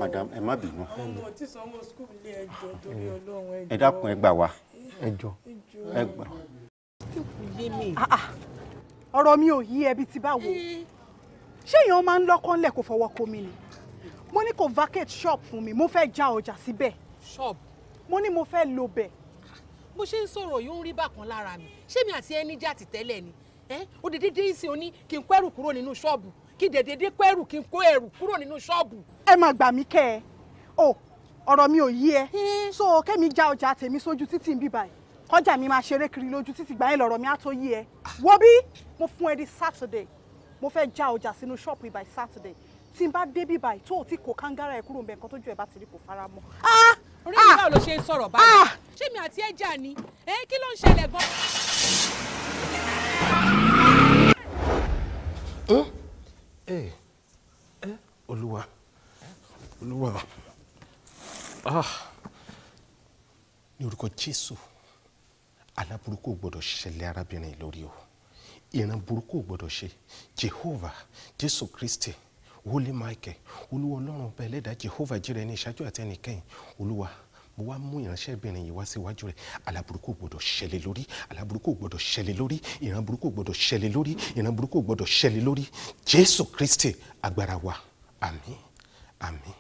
madam ẹ má bínú. àwọn ọmọ tí sanwó skul lé ẹjọ́ torí Ọlọ́run ẹjọ́. ẹ dákun ẹ gbà wá. ẹjọ́ ẹ gbà. Ah, ah. ọ̀rọ̀ mi ò yí ẹbí ti báwo ṣé èèyàn máa ń lọ́kọ́ ńlẹ̀ kó fọwọ́ kó mi ni mo ní kó vacate shop fún mi mo fẹ́ já ọjà síbẹ̀. shop. mo ní mo fẹ́ lo bẹ̀. bó ṣe ń sọ̀rọ̀ yóò ń rí bákan lára mi ṣé mi àti ẹni jà ti tẹ́lẹ̀ ni ẹ eh? ó dédé dé ìsìn òní kí n kó ẹrù kúrò nínú ṣọ́ọ̀bù kí dédé dé kó ẹrù kí n kó ẹrù kúrò nínú ṣọ́ọ̀bù. ẹ máa gbà mí kẹ́ ẹ o oh, ọ̀rọ̀ mi ò yí ẹ eh. so kẹ́mi já ọjà tèmi sójú títì ń bí báyìí kọjá mi máa ṣeré kiri lójú títì gbà yín mi á tó yí ẹ wo bí mo fún ẹ di Saturday mo fẹ́ já ọjà sínú ṣọ́ọ̀bù ibà Saturday tí n bá dé bí báyìí tó o ti kó kángárá ẹ kúrò ń bẹ nǹkan tójú ẹ bá ti rí kò fara mọ́. Ah! orí mi ah! báwo ló ṣe ń sọ̀rọ̀ báyìí ah! ṣé mi àti ẹ jà ni eh, kí ló ń ṣẹlẹ̀ gan-an ẹ ẹ olúwa olúwa ah ní orúkọ jésù àlá burúkú ò gbọdọ̀ ṣẹlẹ̀ arábìnrin lórí o ìran burúkú ò ṣe jehovah jésù kristi wòlíì michael olúwa ọlọ́run ọba ẹlẹ́dàá jehovah jírẹ̀ ní ìṣáájú àti ẹnìkẹ́yìn olúwa mo wá mú ìránṣẹ́bìnrin yìí wá síwájú rẹ̀ aláburúkú gbọ́dọ̀ ṣẹlẹ̀ lórí aláburúkú gbọ́dọ̀ ṣẹlẹ̀ lórí ìran burúkú ṣẹlẹ̀ lórí ìran burúkú ṣẹlẹ̀ lórí Jésù Kristi agbára wa àmín àmín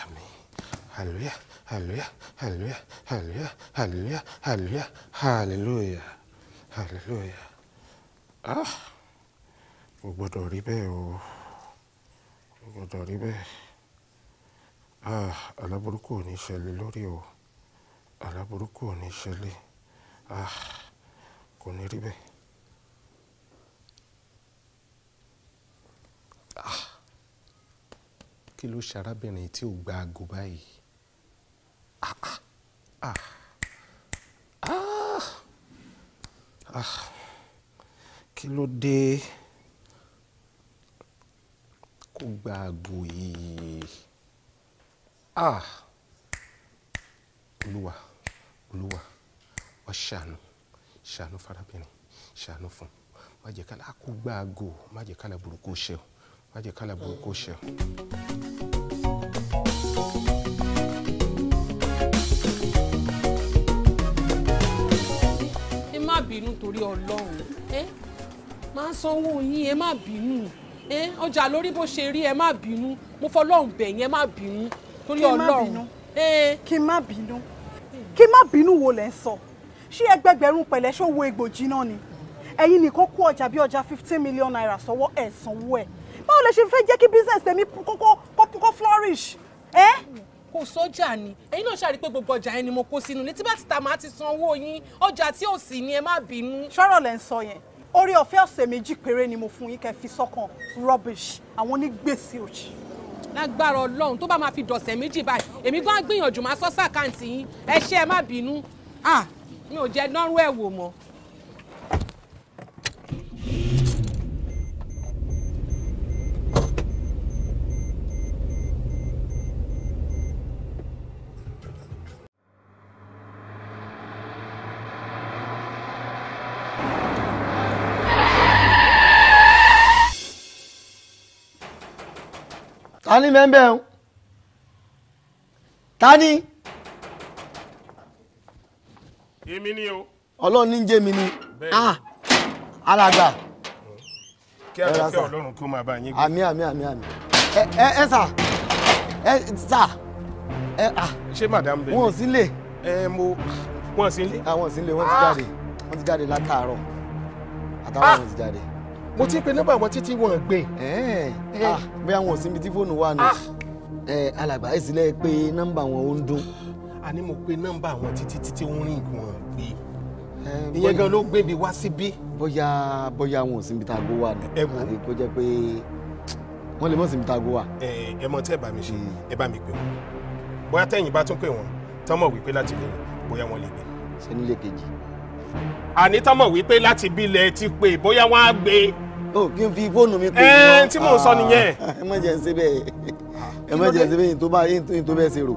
àmín hallelujah hallelujah hallelujah hallelujah hallelujah hallelujah hallelujah hallelujah ah mo gbọ́dọ̀ rí bẹ́ẹ̀ o mo gbọ́dọ̀ rí bẹ́ẹ̀. Ah! Àlá burúkú ò ní ṣẹlẹ̀ lórí o. Àlá ò ní ṣẹlẹ̀. Ah! Kò ní rí bẹ́ẹ̀. Ah! Kí ló ṣe arábìnrin tí ò gba ago báyìí? Ah! Ah! Ah! Ah! Ah! Kí ló dé? Kò gba ago yìí ah olúwa olúwa wá ṣàánú ṣàánú farabìnrin ṣàánú fún má jẹ́ kálá kó gbá aago má jẹ́ kálá burúkú ṣe o má jẹ́ kálá burúkú ṣe o. ẹ má bínú torí ọlọ́run ẹ máa sanwó yín ẹ má bínú ọjà lórí bó ṣe rí ẹ má bínú mo fọlọ́run bẹ̀ yín ẹ má bínú torí Ọlọ́run eh. kí n má bínú kí n má bínú wo lẹ́ ń sọ ṣé ẹgbẹgbẹ̀rún pẹ̀lẹ́ ṣó wo egbòji náà ni ẹ̀yin nìkan kó ọjà bí ọjà fifteen million naira sọ́wọ́ ẹ̀ sanwó ẹ̀ báwo lẹ ṣe fẹ́ jẹ́ kí business tèmi kókó kókó flourish ẹ́. kò sọ́jà ni ẹ̀yin náà ṣàrí pé gbogbo ọjà yẹn ni mo kó sínú ní tí bá ti ta màá ti san owó yín ọjà tí ò sì ní ẹ má bínú. sọ̀rọ̀ lẹ́ ń sọ yẹn orí ọ̀fẹ́ ọ̀sẹ̀ méjì péré ni mo fún yín kẹ́ fi sọ́kàn rubbish àwọn onígbèsè òjì lágbára ọlọ́run tó bá máa fi dọ̀sẹ̀ méjì báyìí èmi gan gbìyànjú máa sọ sákàǹtì yín ẹ ṣe ẹ má bínú ah mi ò jẹ́ nọ́rú ẹ̀ wò mọ́. a ní bẹ́ẹ̀ o ta ni. èmi ni o. ọlọ́run ní jẹ́ mi ni ah, alàgbà. kí a lè fẹ́ ọlọ́run kó máa bá yín gbé. àmì àmì àmì àmì ẹ ẹ ẹ sà ẹ sà ẹ à. ṣé madam bẹ̀rẹ̀. wọn ò sí lè. ẹ mo wọn ò sí lè. àwọn ah, ò sí lè wọn ti jáde wọn ti jáde látàárọ̀ àtàwọn ò ti jáde mo ti ń pe nọ́mbà wọn títí wọn gbé. Ah. Ah, bí àwọn òsínbi tí fóònù wà nù ah. alàgbà ẹ̀ sílẹ̀ pé nọ́mbà wọn ò ń dún. àní mo pe nọ́mbà wọn títí títí ń rìn wọn gbé ìyẹn gan ló gbé mi wá síbí. bóyá bóyá àwọn òsínbi tá a gbó wà nù àbí kó jẹ́ pé wọ́n lè mọ̀ sí mi tá a gbó wà. ẹ mọ tí ẹ bá mi ṣe hmm. ẹ bá mi pè wọn bóyá tẹ̀yìn bá tún pè wọn tán wípé láti lè bóyá wọn lè gbé. sẹ́ni lè kejì àní tán mọ̀ wípé láti bí ilẹ̀ ti pè bóyá wọ́n á gbé. o kí n fi fóònù mi pè é. ẹ tí mò ń sọ nìyẹn. Ah, ẹ má jẹ́ ń ṣe bẹ́ẹ̀ ẹ má jẹ́ ń ṣe bẹ́ẹ̀ yìí tó bá yìí tó bẹ́ẹ̀ ṣe rò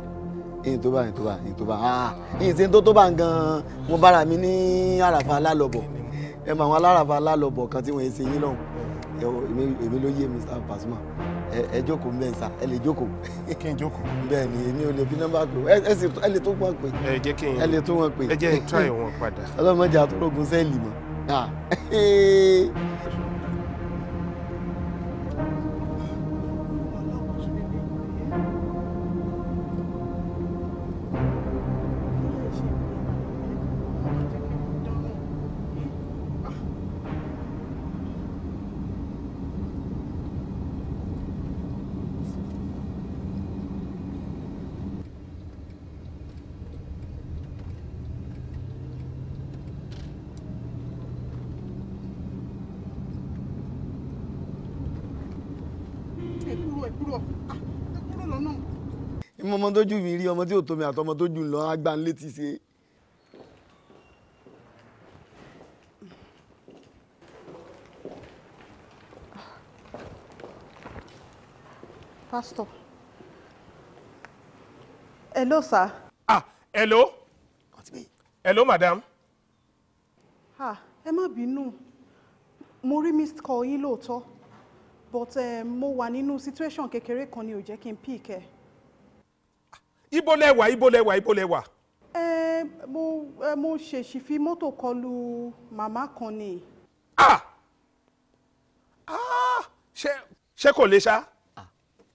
yìí tó bá yìí tó bá yìí tó bá ah, yìí ṣe tó tó bá gan mo bára mi ní àràfà lálọ́bọ̀ ẹ mọ àwọn aláràfà lálọ́bọ̀ kan tí wọ́n ṣe yín lọ́hùn èmi ló yé Mr. Pasuma ẹ jókòó mbẹ sà ẹ lè jókòó. kí n jókòó. bẹ́ẹ̀ ni èmi ò lè fi nọ́mbà pè ẹ sì ẹ lè tó wọn pè. ẹ jẹ́ kí n ẹ lè tó wọn pè. ẹ jẹ́ n try wọn padà. ọlọ́mọdé àtúrógún sẹ́ẹ̀lì mọ́. <laughs> kúrò ah, ẹ kúrò lọ́nà. ìmọ̀ ọmọ tójú mi rí ọmọ tí ò tó mi àtọmọ tójú ń lọ agbá ń létí ṣe. pásítọ̀ hello sir. ah hello hello madam. ah ẹ má bínú mo rí missed call yín lóòótọ́ but um, mo wà nínú situation kékeré kan ni ò jẹ́ kí n pick ẹ. ibo lẹwà ibo lẹwà ibo lẹwà. ẹ eh, mo ẹ eh, mo ṣèṣì fi mọ́tò kọlù màmá kan ni. ah ah ṣé ṣé kò le ṣá.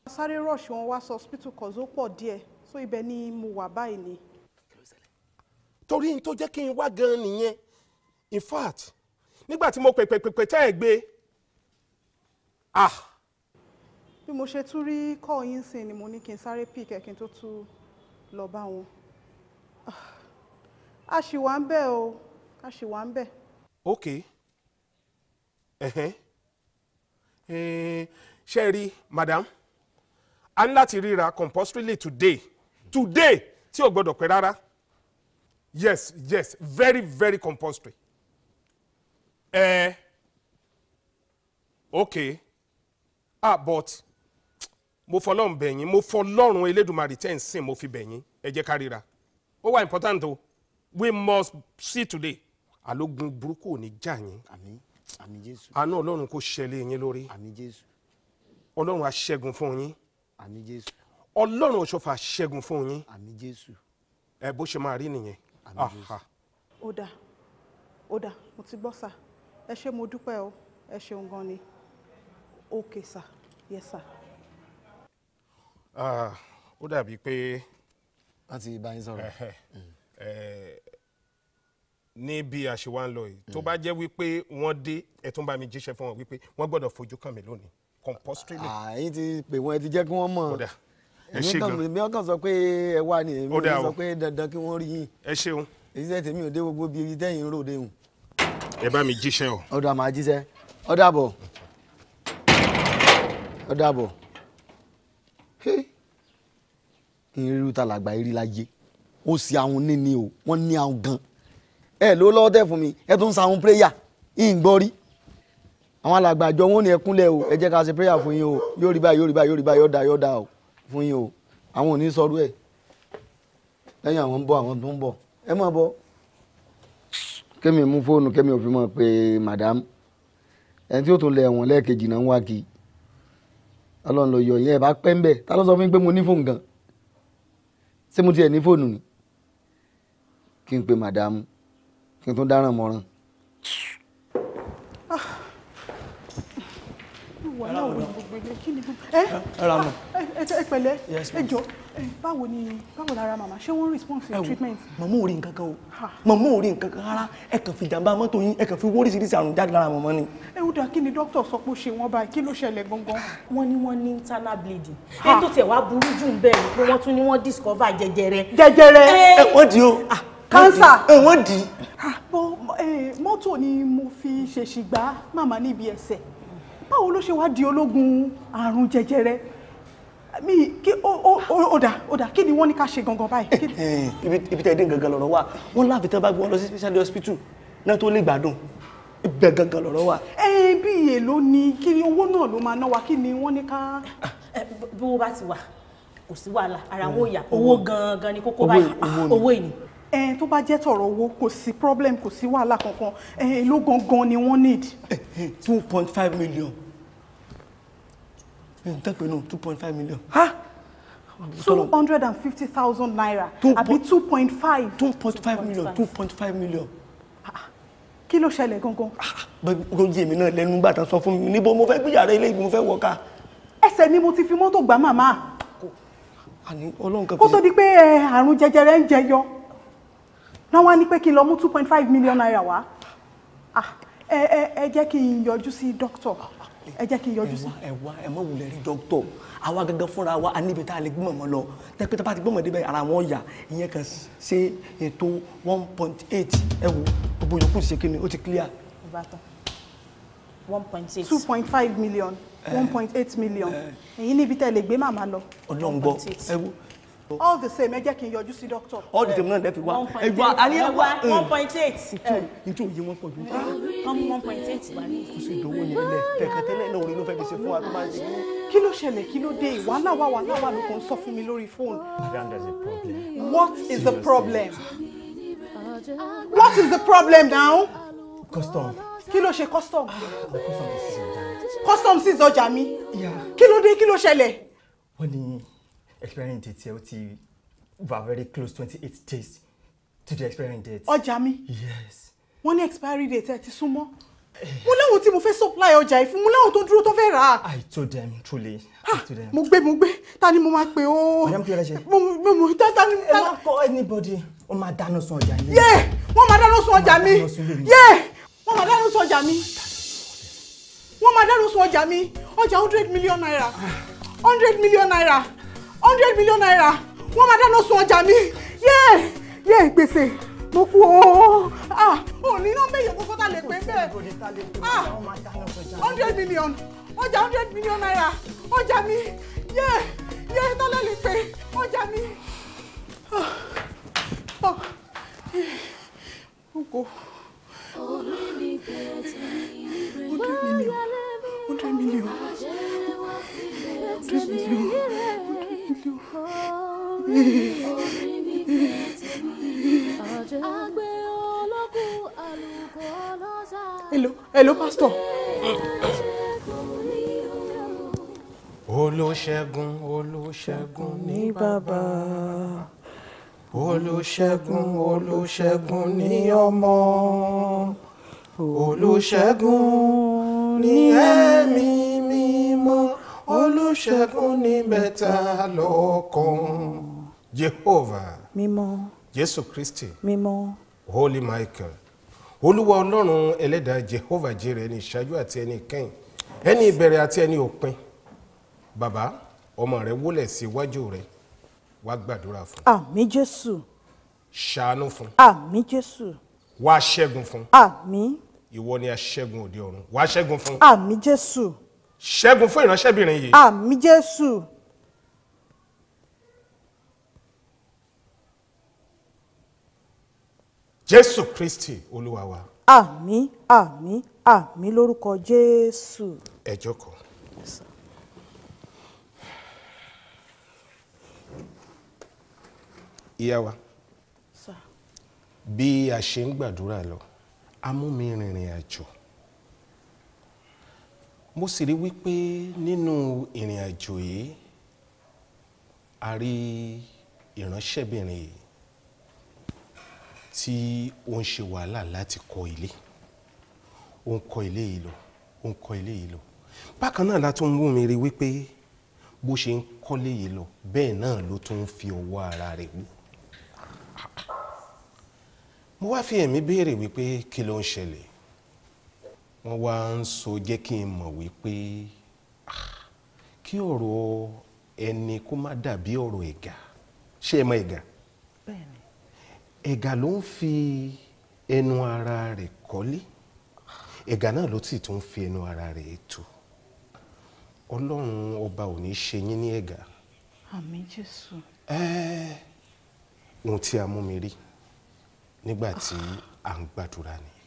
sáré rush wọn wá sọ hospital kan tó pọ̀ díẹ̀ so ibẹ̀ ni mo wà báyìí ni. torí n tó jẹ́ kí n wá gan-an nìyẹn in fact nígbà tí mo pèpèpèpè tẹ́ ẹ gbé ah bí mo ṣe tún rí kọ́ yín sìn ni mo ní kí n sáré pì kẹ́kí n tó tún lọ bá wọn ah. a ṣì wà ń bẹ̀ o a ṣì wà ń bẹ̀. ok eh, ṣe rí madam a ní láti ríra compulsorily today today tí ò gbọdọ̀ pẹ́ rárá yes yes very very compulsory. Eh, okay ah but mo fọlọ́run bẹ̀yìn mo fọlọ́run elédùnmarè tẹ́ ń sìn mo fi bẹ̀yìn ẹ jẹ́ ká ó wà important o we must see today àlógun burúkú ò ní jà yín àánú ọlọ́run kò ṣẹlẹ̀ yín lórí ọlọ́run á ṣẹ́gun fún yín ọlọ́run ọ̀ṣọ́fà ṣẹ́gun fún yín ẹ bó ṣe máa rí nìyẹn. ó dà ó dà mo ti gbọ́ sà ẹ ṣé mo dúpẹ́ o ẹ ṣeun gan ni okay sir yes sir. Ah, ó dàbí pé. wọ́n ti bá yín sọ̀rọ̀. ní bí a ṣe wá ń lọ yìí tó bá jẹ́ wípé wọ́n dé ẹ̀ tó ń bá mi jíṣẹ́ fún wọn wípé wọ́n gbọ́dọ̀ fojú kàn mí lónìí compostry mi. àyìn ah, ti pè wọ́n ẹ ti jẹ́ kí wọ́n mọ̀ ẹ ṣe gan èmi ọkàn sọ pé ẹ wà ní èmi ọkàn sọ pé dandan kí wọ́n rí yín. ẹ ṣeun. èyí sẹ́ tèmi ò dé gbogbo bíi tẹ́yìn ròde hùn. ẹ bá mi jíṣẹ́ o. ọ̀dà máa jíṣẹ́ ọ̀dà bọ̀ ó dàbọ̀ irú ta làgbà eré láyé ó sì àwọn níní o wọ́n ní àwọn gan ẹ ló lọ́wọ́ tẹ̀ fún mi ẹ tún ń sa àwọn pírẹ́yà ń gbọ́ rí àwọn alàgbà àjọ wọn ò ní ẹkúnlẹ̀ o ẹ jẹ́ ká ṣe pírẹ́yà fún yín o yóò rí báyìí yóò rí báyìí yóò rí báyìí yóò dá yóò dá o fún yín o àwọn ò ní sọrú ẹ̀ lẹ́yìn àwọn ń bọ̀ àwọn tó ń bọ̀ ẹ máa bọ̀ kémi mú fóònù kémi ò fi mọ̀ pé madam ẹni tí ó tún lẹ̀ wọ́n lẹ́ẹ̀kejì náà ń wá kí i ọlọ́run ló yọ ìyẹn ẹ̀ bá pẹ́ ń bẹ̀ ta ló sọ fún mi pé mo ní fóònù gan ṣé mo tiẹ̀ ní fóònù ni kí n pe màdàmú kí n tún dáràn mọ́ràn. Ah. Eh? ẹ ra mọ ah, ẹ pẹ̀lẹ́ ẹ jọ Eh, báwo ni báwo lára màmá ṣé wọ́n response to eh, treatment. màmá ò rí nǹkan kan o màmá ò rí nǹkan kan rárá ẹ kàn fi jàǹbá mọ́tò yín ẹ kàn fi wó oríṣiríṣi àrùn jáde lára màmá ni. ẹ eh, ó dà kí ni dókítà sọ pé ó ṣe wọn báyìí kí ló ṣẹlẹ̀ gangan. wọ́n ní wọ́n ní internal bleeding. ẹ tó tẹ̀ wá burú jù ń bẹ̀rù pé wọ́n tún ní wọ́n discover jẹjẹrẹ. jẹjẹrẹ ẹ wọ́n di o cancer. Ah, ẹ wọ́n di. mọ́tò ni mo fi ṣèṣì gbá màmá níbi ẹsẹ̀ báwo ló ṣe wá di ológun àrùn jẹjẹrẹ mi kí ó ó ó dà ó dà kí ni wọ́n ní ká ṣe gangan báyìí. Eh, eh, ibi tẹ́ ẹ dé gangan lọ́rọ̀ wa wọ́n láàfin tán bá gbé wọn lọ sí special hospital náà tó lè gbádùn ibẹ̀ gangan lọ́rọ̀ wa. ẹ bí èló ni kí owó náà ló máa ná wa kí ni wọ́n ní ká. Eh, bí owó bá ti wà kò sí wàhálà ara wọn ò owó gangan ni kókó báyìí owó ìní. ẹ tó bá jẹ́ tọ̀rọ̀ owó kò sí problem kò sí wàhálà kankan èló gangan ni wọ́n need. two point five million ntẹ́pẹ́ náà two point five million. ha two hundred and fifty thousand naira àbí two point five. two point five million two point five million. kí ló ṣẹlẹ̀ gangan. ló ah, yé mi náà lẹ́nu gbàtà sọ fún mi níbo mo fẹ́ gbìyàrá ilé ìgbìmọ̀ fẹ́ wọ̀ ká. ẹsẹ̀ ni mo ti fi mọ́tò gbá màmá àní ọlọ́run kan fi. kó tó di pé àrùn jẹjẹrẹ ń jẹyọ náà wá ní pé kí n lọ mú two point five million naira wá ah, ẹ jẹ́ kí n yọjú sí dókítà ẹ jẹ́ kí n yọjú sí. ẹ wá ẹ mọ wulẹ̀ rí dókítọ̀ àwa gangan fúnra wa a níbi tá a lè gbé mọ̀mọ́ lọ tẹ́pẹ́tẹ́ bá ti gbé mọ̀dé ara wọn yà ìyẹn kan ṣe ètò one point eight ẹ wo gbogbo yòókù ṣe kí ni ó ti clear. ìbátan one point eight. two point five million eh, one point eight million èyí eh. níbi tá a lè gbé màmá lọ. ọlọ́ngbọ ẹ wo all the same ẹ jẹ́ kí n yọjú sí doctor. all the same náà lẹ́fi wá ẹ wá a ní ẹ wá one point eight. ìjọ òye wọn pọ̀ jù. one point eight wà ní. kò sí ìdánwò yẹn lẹ tẹkẹtẹlẹ náà orin ló fẹ́ fi ṣe fún wa tó máa ń ṣe. kí ló ṣẹlẹ̀ kí ló dé ìwàhálà wà wà ló kàn sọ fún mi lórí fóònù. what is the problem? what is the problem now? custom. kí ló ṣe custom? Ah, custom sí ọjà mi. kí ló dé kí ló ṣẹlẹ̀? wọ́n ní expiring date yẹ o ti wà very close twenty eight days to the expiring date. ọjà mi. yes. wọ́n ní expiry date ẹ ti súnmọ́. mo láwọn tí mo fẹ́ supply ọjà ìfún mo láwọn tó dúró tó fẹ́ rà á. I told them truly. I ah, told them. mo gbé mo gbé ta ni mo máa pe o. ọ̀yá mi kí ló ṣe. mo mo mo ta ta ni. ẹ má kọ anybody wọ́n máa dáná sun ọjà mi. yẹ wọ́n máa dáná sun ọjà mi. yẹ wọ́n máa dáná sun ọjà mi. wọ́n máa dáná sun ọjà mi ọjà hundred million naira hundred million naira hundred million naira wọ́n máa dáná sun ọjà mi yéè yéè gbèsè mo kú o ah òní náà méye kókó tá lè pé bẹ́ẹ̀ ah hundred million ọjà hundred million naira ọjà mi yéè yéè tá lè lè pé ọjà mi. Ah, ah. Ogo. hundred million hundred million. Hello, hello, pastor. Olúṣẹ́gun, Olúṣẹ́gun ni bàbá. Olúṣẹ́gun, Olúṣẹ́gun ni ọmọ. Olúṣẹ́gun ni ẹ̀mí mímọ́ olùṣègùn ní mẹ́ta lọ́kan jehovah mímọ́ jésù kristi mímọ́ holy michael olúwa ọlọ́run ẹlẹ́dàá jehovah jire ẹni ìṣáájú àti ẹni ìkẹyìn ẹni ìbẹ̀rẹ̀ àti ẹni òpin bàbá ọmọ rẹ wólẹ̀ sí iwájú rẹ wá gbàdúrà fún. àmín jésù. ṣàánú fún. àmín jésù. wá ṣẹ́gun fún. àmín. ìwọ ni aṣẹ́gun òde ọ̀run wá ṣẹ́gun fún. àmín jésù ṣẹ́gun fún ìránṣẹ́bìnrin yìí. àmì jésù. jésù kristi olúwa wa. àmín àmín àmín lórúkọ jésù. ẹ jókòó. ìyá wa bí a ṣe ń gbàdúrà lọ a mú mi rìnrìn àjò mo sì rí wípé nínú ìrìn àjò yìí a rí ìránṣẹ́bìnrin yìí tí ó ń ṣe wàhálà láti kọ́ ilé ó ń kọ́ ilé yìí lọ ó ń kọ́ ilé yìí lọ bákan náà la tún ń wù rí wípé bó ṣe ń kọ́lé yìí lọ bẹ́ẹ̀ náà ló tún ń fi ọwọ́ ara rẹ̀ wú mo wá fi ẹ̀mí béèrè wípé kí ló ń ṣẹlẹ̀ wọ́n wá ń sọ jẹ́ kí n mọ̀ wípé ah, kí ọ̀rọ̀ ẹni kó má dàbí ọ̀rọ̀ ẹ̀gà ṣé ẹ mọ̀ ẹ̀gà ẹ̀gà ló ń fi ẹnu ara rẹ̀ kọ́lé ẹ̀gà náà ló sì tún fi ẹnu ara rẹ̀ tu ọlọ́run ọba ò ní ṣe yín ní ẹ̀gà. àmín jésù. ẹ̀ẹ́ ohun tí a mú mi rí nígbà tí à ń gbàdúrà nìyẹn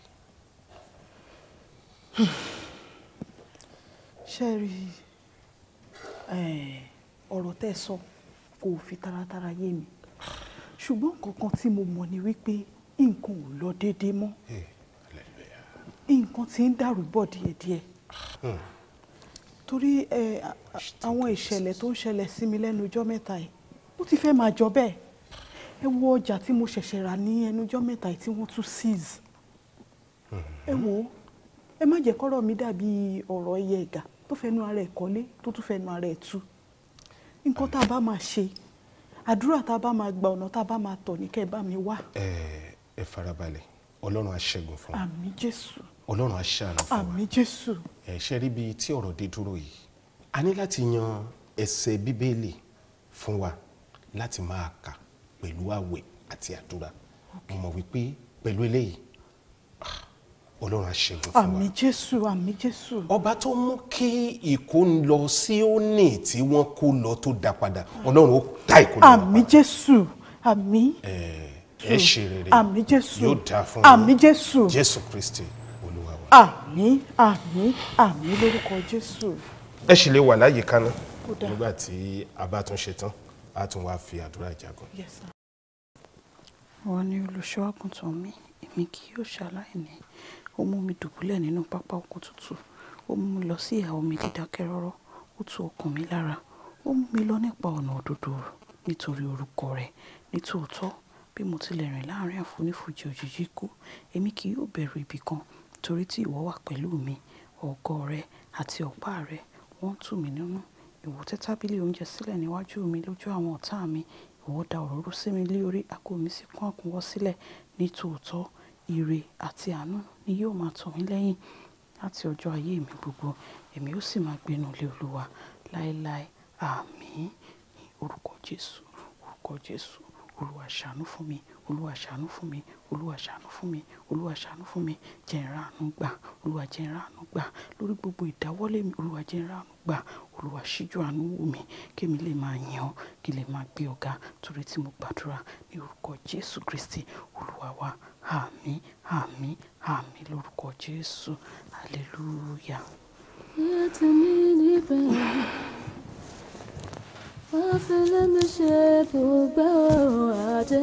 ṣe rí ọ̀rọ̀ tẹ́ ẹ sọ kò fi taratara yé mi ṣùgbọ́n kankan tí mo mọ̀ ni wípé nǹkan ò lọ déédé mọ́ nǹkan tí ń dàrú bọ̀ díẹ̀díẹ̀ hmm. torí àwọn ìṣẹ̀lẹ̀ tó ń ṣẹlẹ̀ sí mi lẹ́nu ọjọ́ mẹ́ta yìí ó ti fẹ́ máa jọ bẹ́ẹ̀ ẹ wo ọjà tí mo ṣẹ̀ṣẹ̀ rà ní ẹnu ọjọ́ mẹ́ta yìí tí wọ́n tún seize hmm. ẹ wo ẹ má jẹ́ kọ́rọ̀ mi dàbí ọ̀rọ̀ ẹyẹ ẹ̀gà tó fẹnu ara ẹ̀ kọ́lé tó tún fẹnu ara ẹ̀ tú nǹkan tá a bá máa ṣe àdúrà tá a bá máa gba ọ̀nà tá a bá máa tọ̀ ní kẹ́ ẹ bá mi wá. ẹ ẹ farabalẹ̀ ọlọ́run á fún wa àmín jésù ọlọ́run á fún wa àmín jésù. ẹ ṣe rí bí tí ọ̀rọ̀ dé dúró yìí a ní láti yan ẹsẹ̀ bíbélì fún wa láti máa kà pẹ̀lú àwẹ̀ àti àdúrà mo mọ̀ wípé pẹ̀lú eléyìí ọlọ́run àṣẹgun fún wa. àmì jésù àmì jésù. ọba tó mú kí ìkó lọ sí òní tí wọ́n kó lọ tó dá padà ọlọ́run ó ta ìkó lọ. àmì jésù àmì. ẹ ṣe rere àmì jésù yóò dá fún wa àmì jésù jésù kristi olúwa wa. àmì àmì àmì lórúkọ jésù. ẹ sì lè wà láyé kaná nígbà tí a bá tún ṣe tán a tún wá fi àdúrà jagun. wọ́n ní olùṣọ́ àgùntàn mi èmi kì yóò ṣaláìní mú mi dùbúlẹ̀ nínú pápá oko tútù ó mú mi lọ sí ìhà omi dídákẹ́ rọ́rọ́ ó tu ọkàn mi lára ó mú mi lọ nípa ọ̀nà òdodo nítorí orúkọ rẹ̀ nítòótọ́ bí mo tilẹ̀ rìn láàrin àfonífojì òjìji ikú èmi kì yóò bẹ̀rù ibi kan torí tí ìwọ wà pẹ̀lú mi ọ̀gọ rẹ àti ọ̀pá rẹ wọ́n tù mí nínú ìwọ tẹ́ tábìlì oúnjẹ sílẹ̀ níwájú mi lójú àwọn ọ̀tá mi ìwọ da òróró sí mi lé orí àgọ́ mi sì kún àkúnwọ́ sílẹ̀ nítòótọ́ ire àti àánú ni yóò máa tọ̀ mí lẹ́yìn láti ọjọ́ ayé mi gbogbo èmi ó sì máa gbénu lé Olúwa láéláé àmín ní orúkọ Jésù orúkọ Jésù Olúwa ṣàánú fún mi Olúwa ṣàánú fún mi Olúwa ṣàánú fún mi Olúwa ṣàánú fún mi jẹ́ n ràánú gbà Olúwa jẹ́ n ràánú gbà lórí gbogbo ìdáwọ́lé mi Olúwa jẹ́ n ràánú gbà Olúwa ṣíjú àánú wò mí kí èmi lè máa yìn ọ́ kí lè máa gbé ọ̀gá torí tí mo gbàdúrà ní orúkọ Jésù Kristi Olúwa wa àmín àmín àmín lórúkọ jésù hallelujah. láti ní níbẹ̀ wọ́n fi lẹ́nu ṣe gbogbo àdé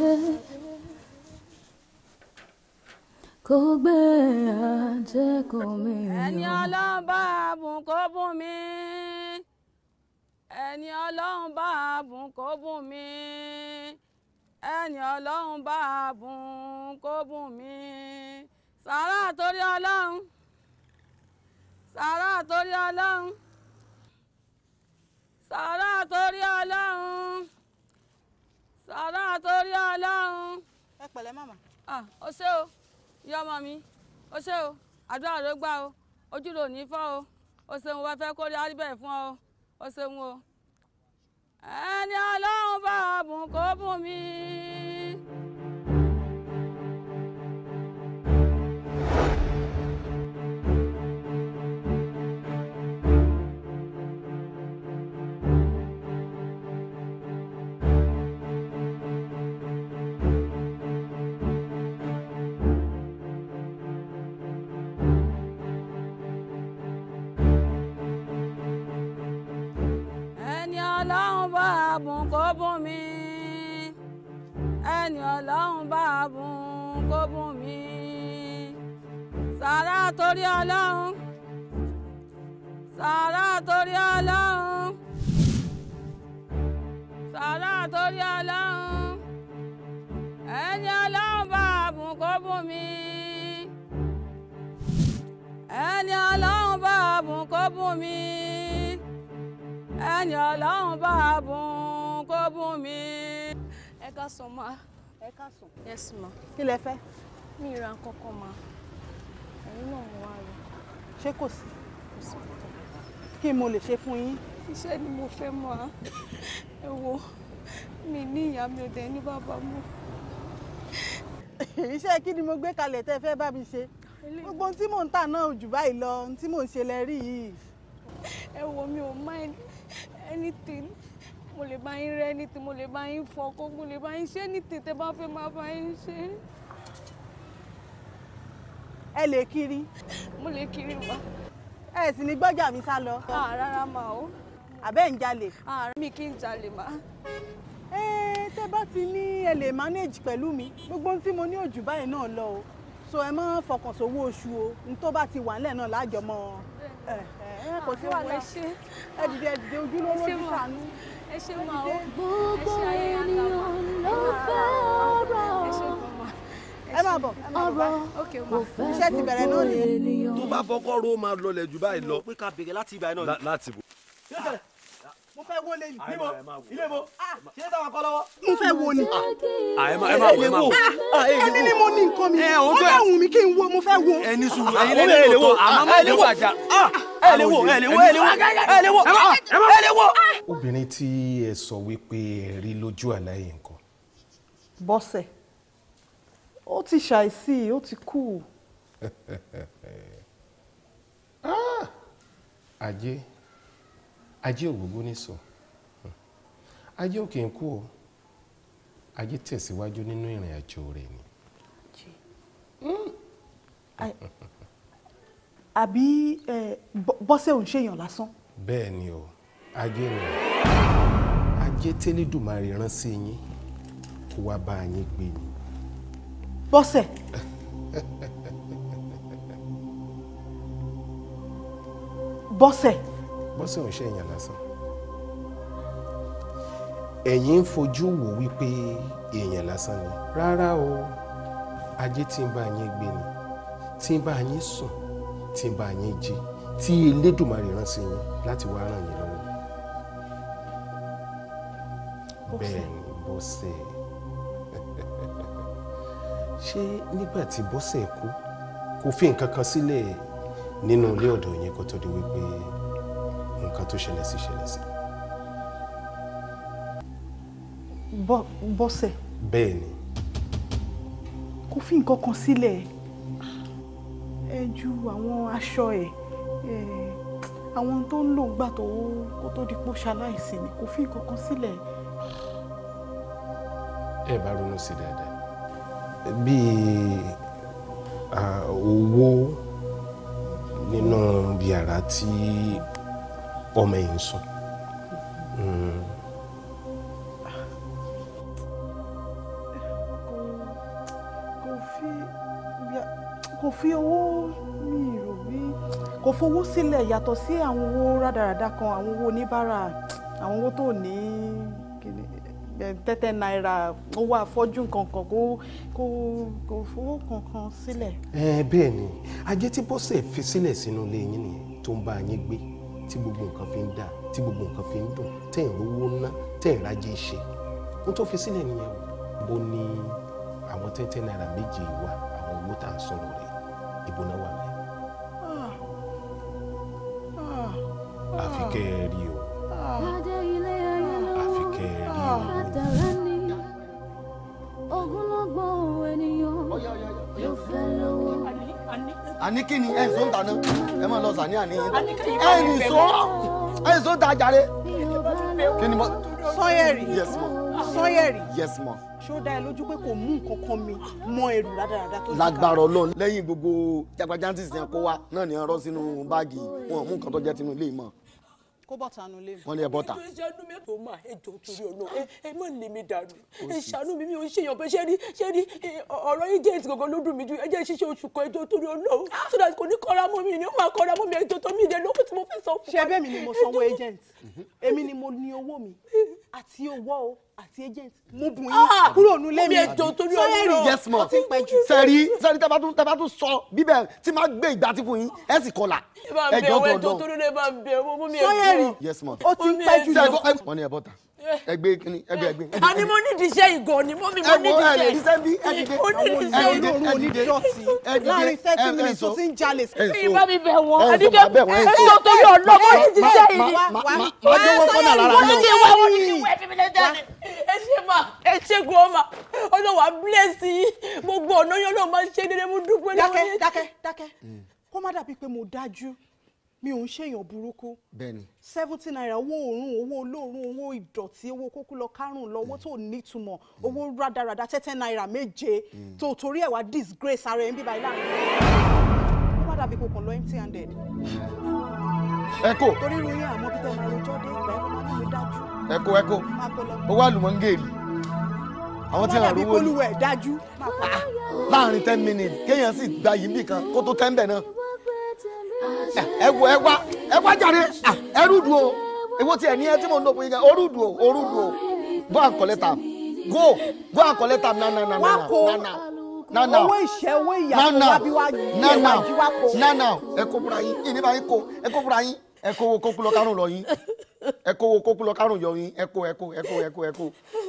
kò gbé àjẹ kò ẹni ọlọ́run bá a bùn kó bùn mí ẹni ọlọ́run bá a bùn kó bùn mí ẹni ọlọ́run bá a bùn kó bùn mí sàrà torí ọlọ́run sàrà torí ọlọ́run sàrà torí ọlọ́run sàrà torí ọlọ́run. ẹ pẹ̀lẹ́ màmá. ah o ṣé o ìyá ọmọ mi o ṣé o àdúrà rẹ gbà o ojú rò ní fọ́ o o ṣeun wá fẹ́ kórè áríbẹ̀ fún ọ o o ṣeun o ẹni ọlọ́run bá bùn kó bùn mí. ọlọ́run bá a bùn kó bùn mí sàrà torí ọlọ́run sàrà torí ọlọ́run sàrà torí ọlọ́run ẹni ọlọ́run bá a bùn kó bùn mí ẹni ọlọ́run bá a bùn kó bùn mí ẹni ọlọ́run bá a bùn kó bùn mí. ẹ ká sọ máa ẹ káàsán. yes ma. kí lẹ fẹ́. mi ì ra kankan ma ẹ̀yin náà mo wá rẹ. ṣé kò sí. kò sí kankan. kí mo lè ṣe fún yín. iṣẹ́ ni mo fẹ́ mọ́ a ẹ wo mi ní ìyá mi ò dẹ̀ ní bàbá mọ́. iṣẹ́ kí ni mo gbé kalẹ̀ tẹ́ fẹ́ bá mi ṣe gbogbo ohun tí mò ń tà náà ò jù báyìí lọ ohun tí mò ń ṣe lẹ rí yìí. ẹ wo mi ò mind anything mo lè bá yín rẹ́ ní ti mo lè bá yín fọkọ́ mo lè bá yín ṣe ní ti tẹ́ bá fẹ́ máa bá yín ṣe. ẹ lè kiri. mo lè kiri wá. ẹ sì ní gbọ́jà mi sá lọ. rárá mà o. àbẹ́ ń jalè. mi kì í jalè mà. ẹ tẹ́ bá ti ní ẹ lè manage pẹ̀lú mi gbogbo tí mo ní òjù báyìí náà lọ o so ẹ má fọkàn sówó oṣù o n tó bá ti wà nílẹ̀ náà lájọmọ́ kò sí wàhálà ẹ dìde ẹ dìde ojúlówó ní sànú ẹ ṣe mọ o gbogbo ènìyàn ló fẹ́ ọ̀rọ̀ ẹ máa bọ̀ ọ̀rọ̀ kò fẹ́ gbogbo ènìyàn. tó bá fọkọ́ ro máa lọlẹ̀ jù báyìí lọ pé ká bèrè láti ibà náà. láti bò mo fẹ́ wo lẹ́yìn ah, mo fẹ́ wo ni. ẹ ah, ni mo ní nǹkan mi eh, ó bá wù mí kí n wo mo fẹ́ wo. ẹni sùúrù ẹyin lè lè wo àmọ́ má lè wàjà. ẹ lè wo ah, ẹ lè wo ẹ lè wo ẹ lè wo ẹ lè wo. obìnrin tí ẹ sọ wípé ẹ rí lójú àlàyé nǹkan. bọ́sẹ̀ ó ti ṣàìsí ó ti kú. <laughs> ajé ajé ògbógbó nìsọ hmm. ajé òkè ń kú o ajé tẹ̀síwájú nínú ìrìn àjò rẹ̀ ni. Hmm. Hmm. àbí bọ́sẹ̀ ò ń ṣèyàn lásán. bẹ́ẹ̀ ni o ajé ni ajé tẹ́lẹ̀dùmarè rán sí yín kó wá bá yín gbé ni. bọ́sẹ̀. <laughs> bọ́sẹ̀. Bọ́sẹ̀ ò ń ṣe èèyàn lásán ẹ̀yin ń fojú wò wípé èèyàn lásán ni rárá o ajé tí ń bá yín gbé ni tí ń bá yín sùn tí ń bá yín jí tí Elédùmarè rán sí yín láti wá ràn yín lọ́wọ́ bẹ́ẹ̀ ni Bọ́sẹ̀ <laughs> ṣé nígbà tí Bọ́sẹ̀ kú kò fi nǹkan kan sílẹ̀ nínú ilé ọ̀dọ̀ yín kó tó di wípé nǹkan tó ṣẹlẹ̀ sí ṣẹlẹ̀ sí. bọ́sẹ̀. bẹ́ẹ̀ ni. kò fi nǹkan kan sílẹ̀ ẹ ju àwọn aṣọ ẹ̀ àwọn tó ń lò gbà tó kó tó di pò ṣaláìsí ni kò fi nǹkan kan sílẹ̀. ẹ bá ronú sí dáadáa bíi owó nínú yàrá tí ọmọ yìí ń sùn. kò fi owó mi rò bí kò fowó sílẹ̀ yàtọ̀ sí àwọn owó rádaràda kan àwọn owó oníbàárà àwọn owó tó ní tẹ́tẹ́ náírà owó àfọ́jú kankan kó kó kó fowó kankan sílẹ̀. ẹ bẹ́ẹ̀ ni ajé tí bọ́sẹ̀ fi sílẹ̀ sínú ilé yín nìyẹn tó ń bá yín gbé tí gbogbo nǹkan fi ń dà tí gbogbo nǹkan fi ń dùn tẹ̀ ń ná tẹ̀ ń ṣe n tó fi sílẹ̀ nìyẹn o bó ní àwọn tẹ́tẹ́ náírà méje wà àwọn owó tá à ń sọ̀rọ̀ rẹ̀ ìbò náà wà bẹ́ẹ̀. Ah, ah, ah. àfi rí o àfi rí o. àníkìní ẹ̀ ń sọ ń tàná ẹ máa lọ sàní àní yín tán ẹ̀ ń sọ ẹ̀ ń sọ ń mo. sọyẹrì yes ma. sọyẹrì yes ma. ṣé ó dá ẹ lójú pé kò mú nǹkan kan mi mọ èrò rádaràda tó ti kà. lágbára Ọlọ́run lẹ́yìn gbogbo jagbajantis yẹn kó wa náà ni ẹ rọ sínú báàgì wọn mú nǹkan tó jẹ tinú ilé yìí mọ kó bọ́ta nu lé mi. wọ́n lé ẹ bọ́ta. nítorí ṣe ọdún mẹ́tò máa ẹ jọ torí ọ̀nà ah. ẹ má lè mi dànù ẹ mi mi ò ṣèyàn pé ṣé rí ṣé rí ọ̀rọ̀ yìí jẹ́ ìtìgọ̀gọ̀ ló dùn mí ju ẹ jẹ́ oṣù kan ẹjọ́ torí ọ̀nà so that kò ní kọ́ra mọ́ mi ni ó máa kọ́ra mọ́ mi ẹjọ́ tó mi ìdẹ lókùn tí mo fi sọ fún wa. ṣé bẹ́ẹ̀ mi ni mo sanwó agent èmi ni mo ní owó mi àti owó o àti agent mo bùn yín kúrò nù mi sẹ́ẹ̀rì yes ma sẹ́ẹ̀rì tún sọ bíbẹ̀ tí máa gbé ìgbà tí fún yín ẹ̀ sì kọlà ẹ̀jọ̀ gbọ̀dọ̀ sẹ́ẹ̀rì yes ma ti pẹ́ jù lọ ẹgbẹ́ kini ẹgbẹ́ ẹgbẹ́. àní mo ní ìdíṣẹ́ ìgò ni mo ní mo ní ìdíṣẹ́. ẹ wo ẹ lè díṣẹ́ bí ẹ dìde ẹ dìde ẹ dìde ẹ dìde láàrin thirty minutes tó ti ń jalè. ẹ̀sọ́ bá mi bẹ̀ wọ́n ẹ̀díkẹ́ ẹ̀sọ́ tó yọ lọ mo ní ìdíṣẹ́ yìí. máa dánwó fọ́nà lára mi. wọ́n ti wá wọ́n ti wẹ́ fi mi lẹ́ jáde. ẹ ṣe ma ẹ ṣe kò ma ọlọ́wà bless yìí gbogbo ọ̀nà yẹn ló máa ṣe dédé mo dúpẹ́ lọ́wọ́ yẹn. dákẹ́ dákẹ́ dákẹ́ kó má dàbí pé mo dájú mi ò ń ṣèyàn burúkú. bẹ́ẹ̀ni. seventy naira owó òórùn owó olóòórùn owó ìdọ̀tí owó kókó lọ kárùn lọ owó tó nítumọ̀ mm. owó rádaràda tẹ́tẹ́ naira méje mm. tó torí ẹ̀ disgrace ara ẹ̀ ń bíbá ilá rẹ̀. ó má dàbí kòkàn lọ empty handed. ẹ kò. torí irun yín àmọ́ peter maro jọ́dé ìgbà ẹ̀kọ́ máa ń lè dájú. ẹ kò ẹ kò owó àlùmọ́ngèlì àwọn tí wọn rówó ni ah, láàrin ten minutes kéèyàn sì gba yìí nìkan kó tó ẹ wọ ẹ wá ẹ wá jàre ẹrúdù o èwo ti ẹ ní ẹ tí mò ń dọ̀bọ̀ yín gan orúdù o orúdù o go and collect am go go and collect am na na na na na na na owó ìṣẹ́ owó ìyàwó wa bí wá yé wa jí wa kó na na ẹ kó fúra yín ìní bá yín kó ẹ kó fúra yín ẹ kó wo kókú lọ kárùn lọ yín ẹ kó wo kókú lọ kárùn yọ yín ẹ kó ẹ kó ẹ kó ẹ kó ẹ kó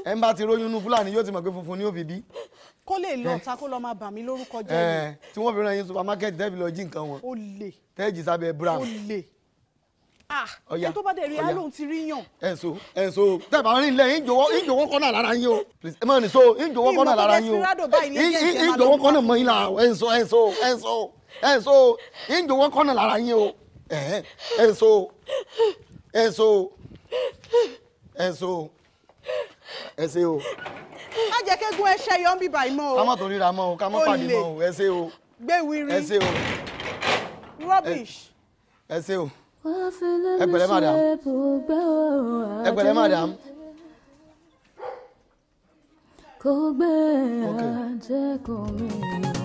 ẹ ń bá ti róyún inú fúlàní yóò ti mọ̀ pé funfun ni yóò fi bí kó lè lọ ta kó lọ máa bà mí lórúkọ jẹ́ mi. tí wọ́n fi rán yín supermarket dẹ́bi lọ jí nǹkan wọn. ó lè tẹ́ẹ̀jì sábẹ́ brown. o lè ẹni tó bá dẹ̀ rí á ti rí yàn. ẹ̀sọ́ ẹ̀sọ́ tẹ́ẹ̀ bá rìn lẹ́yìn ìjọwọ́ ìjọwọ́ kọ́nà lára yín o ẹ má ní so ìjọwọ́ kọ́nà lára yín o ìjọwọ́ kọ́nà mọ́ yín la ẹ̀sọ́ ẹ̀sọ́ ẹ̀sọ́ ẹ̀sọ́ ìjọwọ́ kọ́nà lára yín o ẹ̀sọ́ ẹ̀sọ́ ẹ̀sọ́ ẹ̀sẹ̀ o. má jẹ́ kégún ẹṣẹ́ yọ̀ ń bíbà ìmọ̀ o. ká má torí ra mọ́ o ká má pàdé mọ́ o ẹ̀sẹ̀ o. gbé wiri ẹ̀sẹ̀ o rubbish. ẹ ṣe o ẹ pẹ̀lẹ́ madam ẹ pẹ̀lẹ́ madam. kò gbé àjẹkùn mi.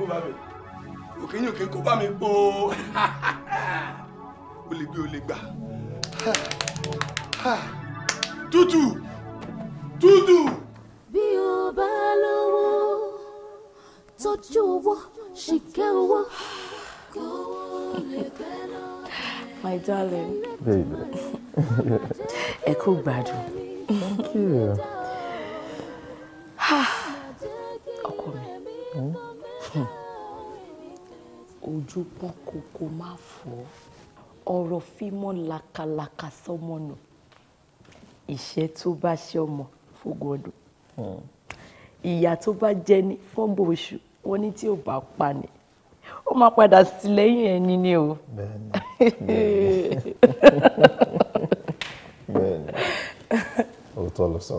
kó bá mi òkè yín òkè kó bá mi po <laughs> o lè gbé o lè gbà tútù tútù. bí o bá lówó tọ́jú owó ṣìkẹ́ owó kó o lè bẹ́ lọ. My darling. Baby. Ẹ kú gbádùn. Thank you. Ọkọ mi. Hmm? ojú pọ́n kókó má fọ́ ọ̀rọ̀ fímọ́ lakalaka sọ́mọ nù ìṣẹ́ tó bá ṣe ọmọ fógun ọdún hmm. ìyà tó bá jẹ ní fọ́nbọ̀ oṣù wọn ní tí ò bá pa ni ó máa padà sí lẹ́yìn ẹni ni o. bẹ́ẹ̀ni <laughs> òótọ́ ló sọ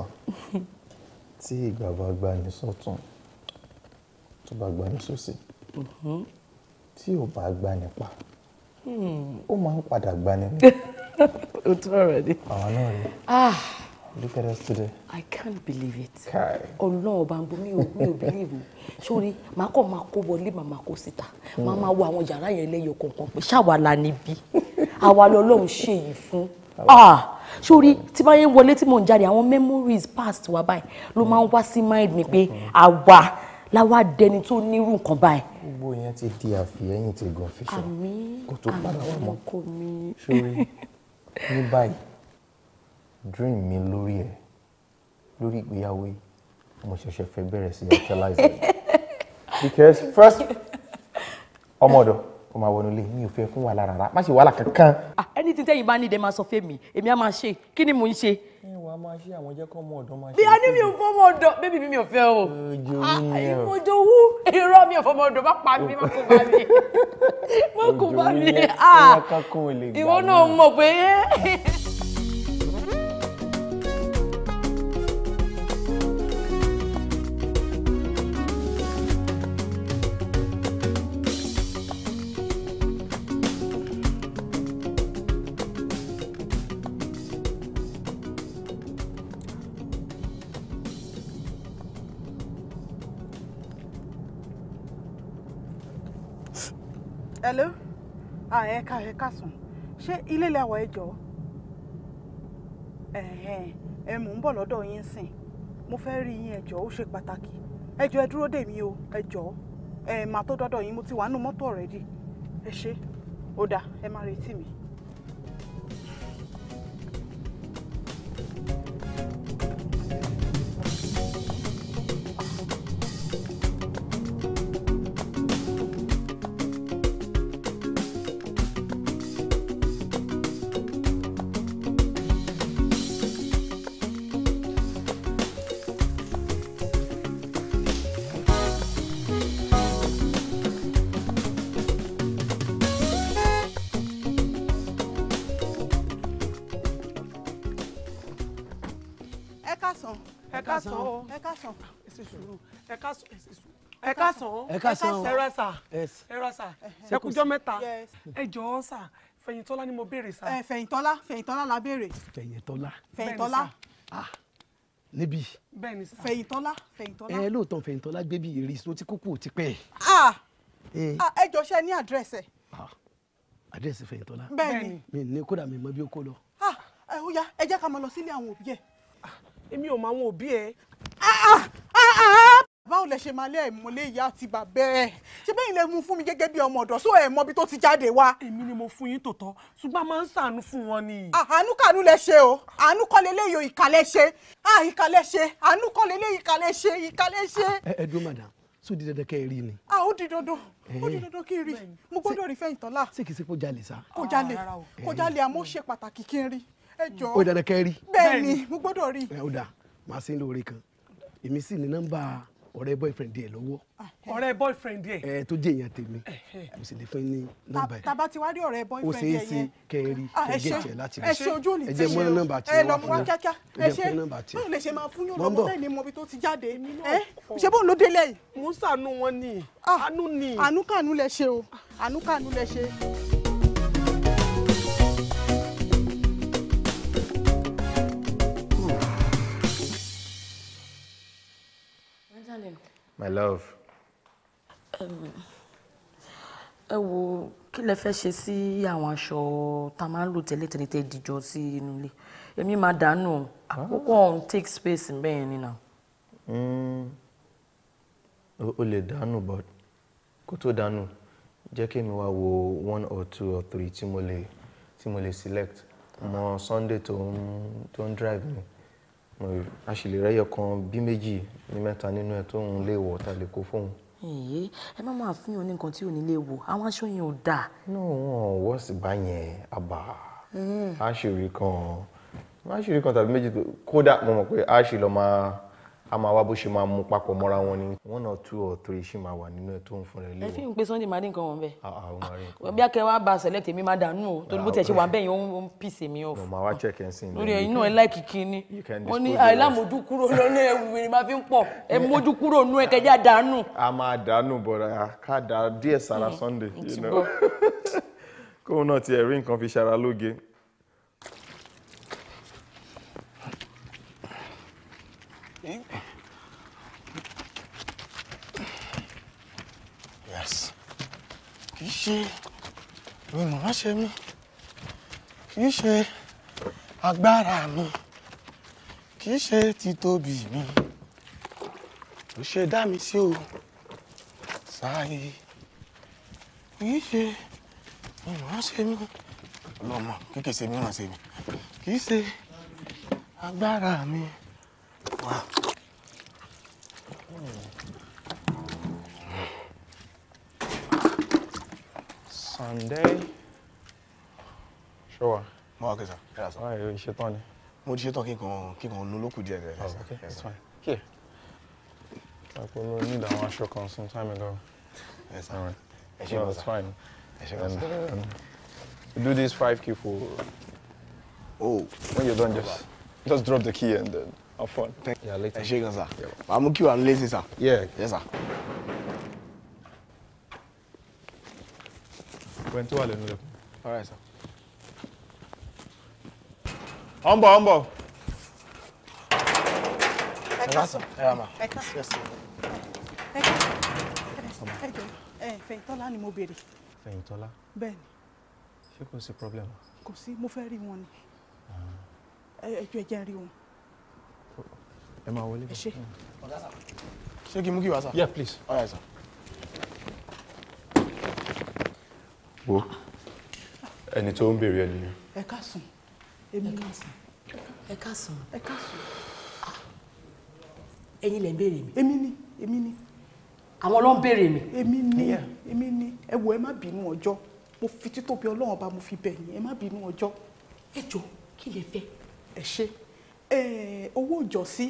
tí ìgbà bá gbani sọ́tún tó bá gbani sósì. Mhm tí ò bá gbani pa hmm. ó máa ń padà gbani ní. o <laughs> tún ọ̀rọ̀ ni. àwọn náà rí. Look at us today. I can't believe it. Kai. Ọlọ́run ọba ń bọ mi ò mi ò believe o. Sori, màá kàn máa kó wọlé màmá kó síta. Hmm. Màá máa wo àwọn yàrá yẹn lẹ́yọ kọ̀ọ̀kan pé ṣáwa la níbí. Àwa lọ́lọ́run ṣe yìí fún. Ah. Sori, tí bá yẹn wọlé tí mò ń jáde, àwọn memories past wa báyìí ló máa ń wá sí mind mi pé hmm. àwa láwa dẹni tó nírú nǹkan báyìí. gbogbo yẹn ti di àfihàn ti gan fi sọ kó tó padà wà mọ́ sórí ní báyìí dream mi lórí ẹ lórí ìgbéyàwó yìí mo ṣẹ̀ṣẹ̀ fẹ́ bẹ̀rẹ̀ sí actualize because first ọmọ ọ̀dọ̀ ọmọ àwọn ilé mi ò fẹ́ fún wàhálà rárá má ṣe wàhálà kankan. Ah, anything tẹ́yìn bá ní ìdẹ́ máa sọ èmi á máa ṣe kí ni mò ń ṣe. ẹ wàá máa ṣe àwọn jẹ́ ọmọ ọ̀dọ́ máa ṣe. bí a ní mi ò fọ́ ọmọ ọ̀dọ́ bébí mi ò fẹ́ o. ìmọ̀jọ ah, wú irọ́ mi ò fọ́ ọmọ ọ̀dọ́ má pa mi má kó bá mi má kó bá mi. Ah, ìwọ náà mọ̀ pé. ẹ̀ka ẹ̀ka sùn ṣé ilé lẹ́wọ̀ ẹ jọ ẹ mò ń bọ̀ lọ́dọ̀ yín sìn mo fẹ́ rí yín ẹ jọ ó ṣe pàtàkì ẹ jọ ẹ dúró dè o ẹ jọ ẹ máa tó dọ́dọ̀ yín mo ti wà nínú mọ́tò already ẹ ṣé ó dáa ẹ má retí mi. sùúrù ẹ ká sùn ẹ ká sàn ẹ ká sàn ẹ ra sà ẹ ra sà ẹ kújọ mẹ́ta ẹ jọ̀ọ́ sà fẹ̀yìntọ́lá ni mo béèrè sà. ẹ fẹ̀yìntọ́lá fẹ̀yìntọ́lá la béèrè. fẹ̀yìntọ́lá fẹ̀yìntọ́lá ah, níbí. bẹ́ẹ̀ni sà fẹ̀yìntọ́lá fẹ̀yìntọ́lá. ẹ lóòótọ́ fẹ̀yìntọ́lá gbé bí ìrìsì tó ti kúkú ti pẹ́. Ah! ẹ ah, jọ ṣe ní àdírẹ́sì ẹ. àdírẹ́sì fẹ̀yìntọ́lá. bẹ́ẹ̀ni mi ní kódà mi mọ bí ó kó lọ. ó yá ẹ jẹ́ ká máa lọ sílé àwọn òbí ẹ̀. èmi ò mọ àwọn òbí ẹ báwo lẹ ṣe máa lé ẹ̀mọ́lé ìyá àti bàbá ẹ̀ ṣé bẹ́ẹ̀ ilẹ̀ mú fún mi gẹ́gẹ́ bí ọmọ ọ̀dọ́ só ẹ̀ mọ ibi tó ti jáde wá. èmi ni mo fún yín tòótọ́ ṣùgbọ́n a máa ń ṣàánú fún wọn ni. Ah, àánú kànú lẹ ṣe o àánú kọ́ lé léyò ìkàlẹ̀ ṣe ah, ìkàlẹ̀ ṣe àánú kọ́ lé léyò ìkàlẹ̀ ṣe ìkàlẹ̀ ṣe. Ah, ẹ ẹ dúró madam sóò di dandan kẹ́ ẹ rí ni. a ó di dandan eh, ó di dandan kí n rí mo gbọ́dọ̀ rí fẹ́yìn tọ́lá. ṣé kìí ṣe kó jalè sá. kó jalè kó jalè àmọ́ ṣe pàtàkì kí n rí ẹ jọ. ó di dandan kẹ́ ẹ rí. bẹ́ẹ̀ mo gbọ́dọ̀ rí. ẹ eh, ó dà màá sí lóore kan èmi sì ní nọ́mbà ọ̀rẹ́ boyfriend ẹ lọ́wọ́. Ah, eh. ọ̀rẹ́ boyfriend ẹ. ẹ eh, tó jẹ́ èèyàn tèmi eh, mo sì lè fún yín ní nọ́mbà ẹ. tàbá ti wá rí ọ̀rẹ́ boyfriend yẹn. ó ṣeé ṣe kẹrin kẹgẹ jẹ láti rí. ẹ ṣe ah, ojú òní tí ṣe o ẹ jẹ mọ nọ́mbà tí wọn fún yín ẹ jẹ fún nọ́mbà tí. ṣe máa fún yín ni mo bi tó ti jáde. ṣé bóun ló délé yìí. mo ń ṣàánú wọn ni ah. àánú ni. àánú kàánú lẹ ṣe o àánú kàánú lẹ ṣe. Darling. My love. Ẹ wo kí lẹ fẹ́ ṣe sí àwọn aṣọ tá a máa ń lò tẹ́lẹ̀ tẹ́lẹ̀ tẹ́ dìjọ sí inú ilé. Èmi máa dànù àkókò ọ̀hún take space bẹ́ẹ̀ ni nà. Hmm. O lè dànù but kó tó dànù jẹ́ kí èmi wá wo one or two or three tí mo lè tí mo lè select. Mo Sunday tó ń tó ń drive mi a sì lè rẹ́yọ kan bí méjì ní mẹ́ta nínú ẹ̀ tóun lè wọ̀ ta lè kó fóun. ẹ̀yẹ́ ẹ má máa fún yàn ní nǹkan tí ò ní lè wò àwọn aṣọ yẹn ò dáa. náà wọn wọ́n sì bá yẹn àbá àṣírí kan àṣírí kan tàbí méjì kódà mo mọ̀ pé àṣì lọ máa a máa wá bó ṣe máa mú papọ̀ mọ́ra wọn ni one or two or three ṣì máa wà nínú ẹ̀ tó ń fún rẹ̀ léwu. ẹ fi ń pe Sunday máa rí nǹkan wọn bẹ́ẹ̀. àwọn ah, ah, máa rí nǹkan wọn. bí akẹ́wà bá select èmi máa dànù o torí bó tẹ̀ ṣe wà bẹ́ẹ̀ yẹn ó ń pìsè mi off. màá wá check ẹ̀ sí i. lórí ẹ̀yin náà ẹ láìkì kíní. wọ́n ní àìlámójú kúrò lọ́nà ẹ̀wù mi ni máa fi ń pọ̀ ẹ mójú kúrò nú ẹ kẹjá dànù. a máa dànù bọ̀dà ká dà díẹ̀ sára hmm, Sunday. <laughs> kóun náà ti ẹ̀rí nǹkan fi ṣara lóge kì í ṣe mi màá ṣe mí kì í ṣe agbára mi kì í ṣe títóbi mi ló ṣe dá mi sí o sáyé kì í ṣe mi màá ṣe mí lọmọ kékeré ṣe mi màá ṣe mí kì í ṣe agbára mi wà. Wow. Sunday. Sure. Mo wà kẹsà. Ẹ lásán. Báyọ̀ yóò ṣe Mo ti ṣe kiko kiko n kàn kí n Oh, okay, it's fine. Here. Àpò ló ní ìdáhùn aṣọ kan some time ago. Yes, sir. All right. Ẹ ṣe No, it's fine. Ẹ ṣe um, Do this five key for... Oh. When you're done, just, just drop the key and then have fun. Thank you. Yeah, later. Ẹ ṣe gan sir. I'm mú kí wà ń lé sir. Yeah. Yes, sir. wẹ́n tó wà lẹ́nu lẹ́kùn. all right sir. ọ̀ ń bọ̀ ọ̀ ń bọ̀. ẹ ká sọ ẹ rà mà. ẹ ká sọ ẹ ká sọ ẹ jọ ẹ Fẹ̀yìntọ́lá ni mo béèrè. Fẹ̀yìntọ́lá. bẹ́ẹ̀ ni. problem. kò sí mo fẹ́ rí wọn ni ah. ẹ jọ ẹ jẹ́ rí wọn. ẹ máa wọlé. ẹ ṣe. Hmm. ṣé kí n mú kí yeah please. all right sir. wo ẹni tó ń bèrè ẹni yẹn. ẹ káàsán èmi ẹ káàsán ẹ káàsán ẹ káàsán ah, ẹ̀yin lẹ ń bèrè mi. èmi ni èmi ni. àwọn ló ń bèrè mi. èmi ni èmi ni ẹ wo ẹ má bínú ọjọ́ mo fi títóbi Ọlọ́run ọba mo fi bẹ̀ yín ẹ má bínú ọjọ́. ẹ jọ kí lè fẹ́. ẹ ṣe owó ìjọsí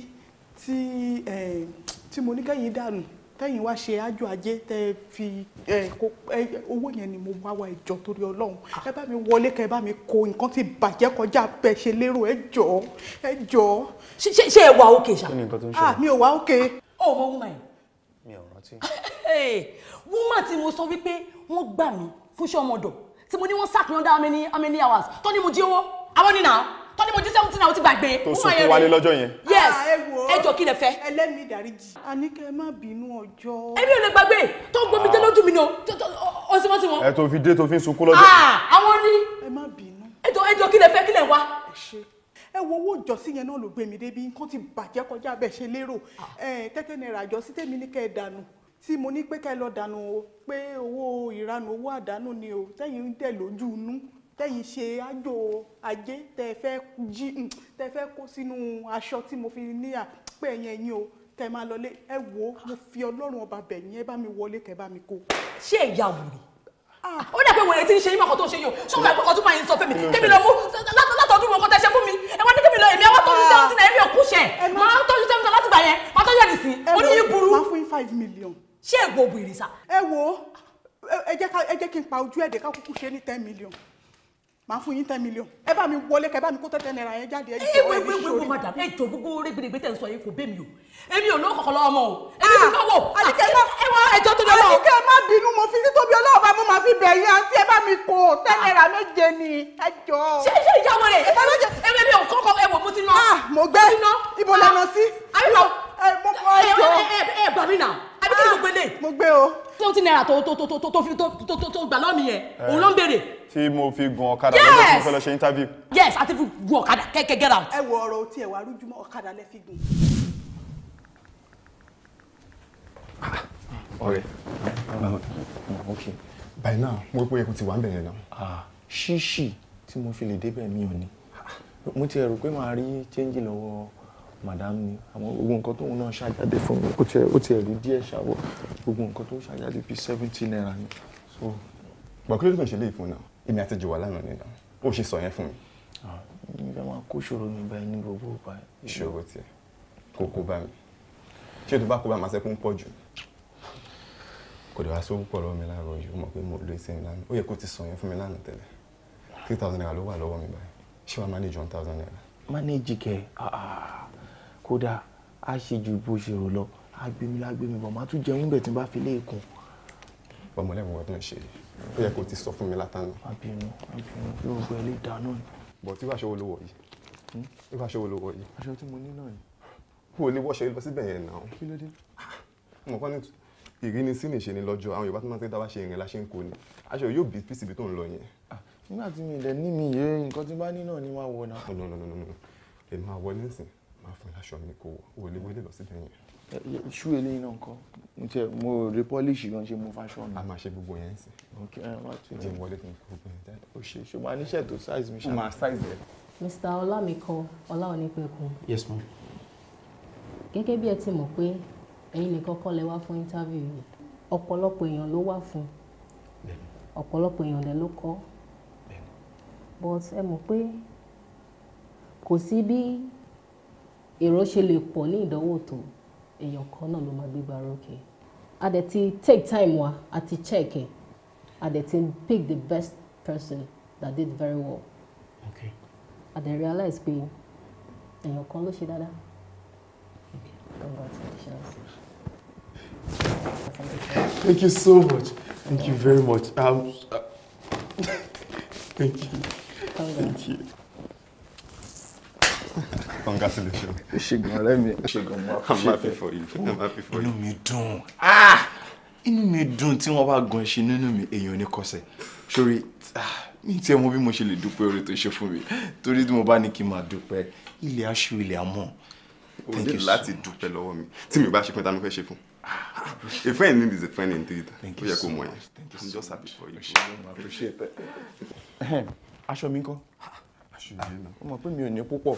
tí mo ní kẹ́yìn dànù tẹ́yìn wá ṣe ájò ajé tẹ́ fi owó yẹn ni mo wá wa ìjọ torí ọlọ́run ah. ẹ bá mi wọlé kẹ ẹ bá mi kó nǹkan ti bàjẹ́ kọjá bẹ́ẹ̀ ṣe lérò ẹ jọ ẹ jọ. ṣé ṣé ẹ wà òkè ṣá. kí ni nǹkan tó ń ah, ṣe. mi ò wà òkè. ó mọ wúmà yìí. mi ò rántí. <laughs> wúmà tí mo sọ wípé wọ́n gbà mí fún ṣọ́mọdọ̀ tí mo ní wọ́n sàkíyàn dá how hours tó ní mo jí owó àwọn nínà tó ní mo jí seventeen àwọn ti gbàgbé. tó sunkún wálé lọ́jọ́ yẹn. yes ah, ẹ jọ kí lẹ fẹ́. ẹlẹ́mìí dáríjì. àníkẹ́ má bínú ọjọ́. èmi ò lè gbàgbé tó ń gbomi dé ah. lójú mi náà ó sì mọ́ sí wọn. ẹ tó fi dé tó fi ń sunkún lọ́jọ́. Ah, àwọn ni. ẹ má bínú. ẹ jọ kí lẹ fẹ́ kí lẹ wá. ẹ ṣe ẹ wo owó ìjọsí yẹn náà ló gbé mi débi nǹkan ti bàjẹ́ kọjá bẹ́ẹ̀ ṣe lérò tẹ́tẹ́ náírà ìjọsí tèmi ní kẹ́ ẹ dànù tí mo ní pé kẹ́ ẹ lọ dànù pé owó ìranù owó àdánù ni o tẹ́yìn ń tẹ̀ lójú inú tẹ́yìn ṣe àjò ajé tẹ́ ẹ fẹ́ jí mm, tẹ́ ẹ fẹ́ kó sínú aṣọ tí mo fi níyà pé ẹ̀yìn ẹ̀yìn o tẹ́ ẹ máa lọlé ẹ wo mo fi ọlọ́run ọba bẹ̀ yín ẹ bá mi wọlé kẹ́ ẹ bá mi kó. ṣé ìyá wòlé ah. ó dà pé wòlé tí ń ṣe yín mọ̀kàn tó ń ṣe yín o ṣé wọn àgbẹ̀kọ̀ tó máa ń sọ fún mi kébì lọ fún látọ̀dún mọ̀kàn tẹ́ ṣe fún mi ẹ wá ní kébì lọ èmi àwọn tọ́jú ah. sẹ́wọ́ntì náà èmi ò kúṣẹ̀ máa tọ́jú sẹ́wọ́ntì láti gbà yẹn máa tọ́jú ẹ̀ nìsín ó ní yín burú. máa fún yín five million. ṣé ègbò obìnrin sá. ẹ wo ẹ jẹ́ kí n pa ojú ẹ̀dẹ̀ ká kúkú ṣe ní ten million màá fún yín ten million ẹ bá mi wọlé ká ẹ bá mi kó tẹ́tẹ́ naira. yẹn jáde. ẹ jọ ẹ bí sori ẹ jọ gbogbo rẹgbẹrẹgbẹ tẹ n sọ yìí kò bẹ mi o èmi ò lówó kọkọ lọ́wọ́ mọ́ o èmi ti lọ́wọ́ àti ẹ wọ ẹjọ́ tó lọ́wọ́. àti kẹ́ ẹ má bínú mo fi títóbi ọlọ́ọ̀bá mo máa fi bẹ̀yìn àti ẹ bá mi kó tẹ́ ah. náírà méje ni ẹ jọ. ṣé ṣé ìyàwó rẹ ẹ bẹ mi ò kọ́kọ́ ẹ wò mo ti ná. Ah, mo gbẹ ibo la ah. nà sí. ẹ gbà mí nà àbí kí ló gbélé tí mo fi gun ọ̀kadà lọ́jọ́ tí mo fẹ́ lọ ṣe interview. yes àti fi gun ọ̀kadà kẹ́kẹ́ get out. ẹ wọ ọ̀rọ̀ otí ẹ wà rújúmọ ọ̀kadà lẹ fi gun. ọ̀rẹ́ ah, ah, ah, okay by now mo rí pé ẹkùn ti wà ń bẹ̀rẹ̀ náà. ṣíṣì tí mo fi lè débẹ̀ mi ò ní mo ti rò pé màá rí chẹ́ńjì lọ́wọ́ madam ni àwọn gbogbo nǹkan tóun náà ṣàjáde fún mi ó ti rí díẹ̀ ṣàwọ̀ gbogbo nǹkan tó ṣàjáde bíi seventy naira ni. gbàgbé ló ń ṣe léyìí fún náà èmi àti jùwà lánàá nìyà ó ṣe sọ yẹn fún mi. Ah, mi fẹ́ máa kó ṣòro mi báyìí ní gbogbo ìgbà. ìṣòro tiẹ̀ kò kó bá mi ṣé tó bá kó bá mi àṣẹkùn pọ̀ jù kò dé wá sówó lọ́wọ́ mi láàárọ̀ yìí ó mọ̀ pé mo lo ìsinmi lánàá ó yẹ kó ti sọ yẹn fún mi lánàá tẹ́lẹ̀ three thousand naira ló wà lọ́wọ́ mi báyìí ṣé wàá manage one thousand naira. manage kẹ ah, kódà a ṣe ju bó ṣe rò lọ agbèmí lágbèmí bọ̀ máa tún jẹun bẹ̀ tí n bá fi lé èkó. E ọmọlẹ́mọ̀ọ́ tó ń ṣe yìí ó yẹ kó ti sọ fún mi látàná. àbínú àbínú yorùbá ẹ lè dá náà ni. bọ̀ tí wàṣọ wo ló wọ̀ yìí hmm? tí wàṣọ wo ló yìí. aṣọ tí mo ní náà ni. kó o lè wọṣọ lọ síbẹ̀ yẹn náà. kí ló dé. mo kọ́ ni ìrínisí nìṣe ni lọ́jọ́ àwọn yorùbá tó máa ń tẹ́ dáwà ṣe ìrìn la ṣe ń kó ni aṣọ yóò bí písìbí tó ń lọ yẹn. Ah, nígbà tí mi ilẹ̀ ní mi yé nǹkan tí bá ní náà ni máa wọ̀ náà. nọ nọ nọ nọ nọ èmi máa wọ nísìn máa fún aṣọ mi kó o lè lọ síbẹ̀ yẹn ṣú eléyìí náà kọ́ mo tiẹ̀ mo rí pọ́líṣì gan ṣe mo fashion mi. a máa ṣe gbogbo yẹn sí. ok ẹ má tún yẹn. jẹ́ wọlé kí n kó yẹn jáde. o ṣe ṣe máa níṣẹ́ tó size mi ṣáà. máa size rẹ. Mr. Ọlámikọ Ọláonípẹ̀kun. yes ma'am. gẹ́gẹ́ bí ẹ ti mọ̀ pé ẹ̀yin nìkan kọ́ lẹ wá fún interview yìí ọ̀pọ̀lọpọ̀ èèyàn ló wà fún ọ̀pọ̀lọpọ̀ èèyàn lẹ ló kọ́ but ẹ mọ̀ pé kò sí bí èrò ṣe lè pọ̀ ní ìdánwò tó èèyàn kan náà ló máa gbégbá rókè a dẹ̀ ti take time wa a check ẹ̀ a dẹ̀ ti pick the best person that did very well okay. a dẹ̀ realize pé èèyàn kan ló ṣe dáadáa Thank you so much. Thank you very much. Um, uh, <laughs> thank you. Thank you congratulations. ṣègùn ọ̀rẹ́ mi ṣègùn mo appreciate. i'm happy for you i'm happy for you. inú mi dùn ah! inú mi dùn tí wọ́n bá gan ṣe nínú mi èèyàn ní kọsẹ̀ sórí ah, mi tí ẹ mọ̀ bí mo ṣe lè dúpẹ́ oore tó ṣe fún mi torí tí mo bá ní kí n máa dúpẹ́ ilé aṣọ ilé amọ̀. o ní láti dúpẹ́ lọ́wọ́ mi tí mi bá ṣe fún ta ló fẹ́ ṣe fún. Ah! a friend need is a friend indeed ó yẹ kó mọ̀ yẹn i'm just happy for you. Appreciate it. aṣọ mi ń kọ́ ọmọ pé mi ò ní púpọ̀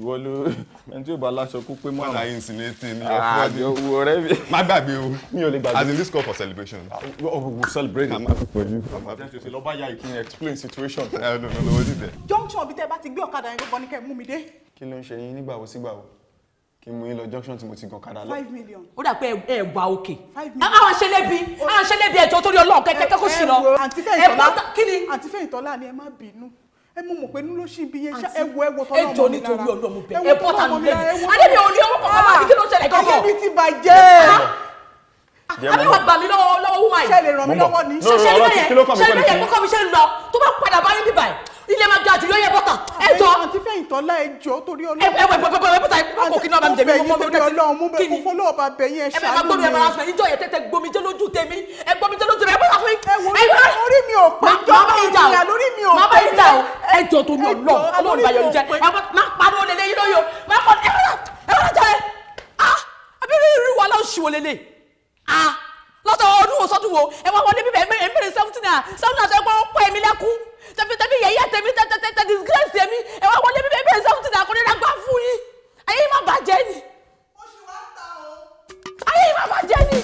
ìwọ ló ẹni tí yóò bá aláṣọ kó pé mọ́ àwọn. wọ́n insinuate ni ọ̀fọ́ ah, ni àjọ wo ọ̀rẹ́ mi. má gbàgbé o mi ò lè gbàgbé. as in this call for celebration. o ah, we oh, celebrate am happy for you. lọ́ba ya ìkíni explain situation. <laughs> Eh, ẹ ló ló wọ́n ti bẹ̀. junction bí tẹ́ bá ti gbé ọ̀kadà yẹn gbogbo ni kẹ́ mú mi dé. kí ló ń ṣe yín nígbàwo sígbàwo kí n mú yín lọ junction tí mo ti gan kadà lọ. five million. ó dà pé ẹ wà òkè. five million. àwọn àṣẹlẹ́bí àwọn àṣẹlẹ́bí ẹ̀jọ̀ torí ọlọ́run kẹ́kẹ́ kó sì lọ. àǹtí fẹ̀yìntọ́lá ni. àǹtí fẹ̀yìntọ́lá ni ẹ má bínú ẹ mú mọ̀ pé nú ló ṣì bí yẹn ṣá ẹwọ ẹwọ tọ́lọ́ ọmọ mi lára ẹjọ nítorí ọlọ́mọ bẹ́ẹ̀ ẹ bọ́ta mi bẹ́ẹ̀ adébíyẹ olú ọwọ́ kọ̀ọ̀kan máa ní kí ló ṣẹlẹ̀ kọ́kọ́ ayé mi ti bàjẹ́ àbẹ̀wò gbà mí lọ́wọ́ lọ́wọ́ wúwa yìí ṣẹlẹ̀ ràn mí lọ́wọ́ ní ṣẹlẹ̀ yẹn ṣẹlẹ̀ yẹn kọ́kọ́ mi ṣe ń lọ tó bá padà bá rí bíbáyìí ilé máa ga jù lóye bọ́tà ẹ jọ. àti fẹ́yìn tán ọlọ́run. bá mi jẹ̀bi mọ́ máa pariwo lélẹ́ yìí lóyò má kọ́ ẹ bọ́dà jẹ ẹ ah abẹ́rẹ́ ìrìwà lọ́sùn òlélẹ̀ ah lọ́tọ̀ ọdún wo sọ́dún wo ẹ wọlé bíbẹ̀ ẹ seventeen naira seventeen naira ṣe é pọ́n pọ́ ẹ̀mí lẹ́kún tẹbi tẹbi yẹyẹ tẹmi tẹtẹtẹtẹ disgrace tẹmi ẹ wá wọlé bíbẹ bẹẹ sọfún tìǹda kúnlẹ náà gbá fún yín ayé yìí má bàjẹ́ ni. ó ṣì wá ń ta o. ayé yìí má bàjẹ́ ni.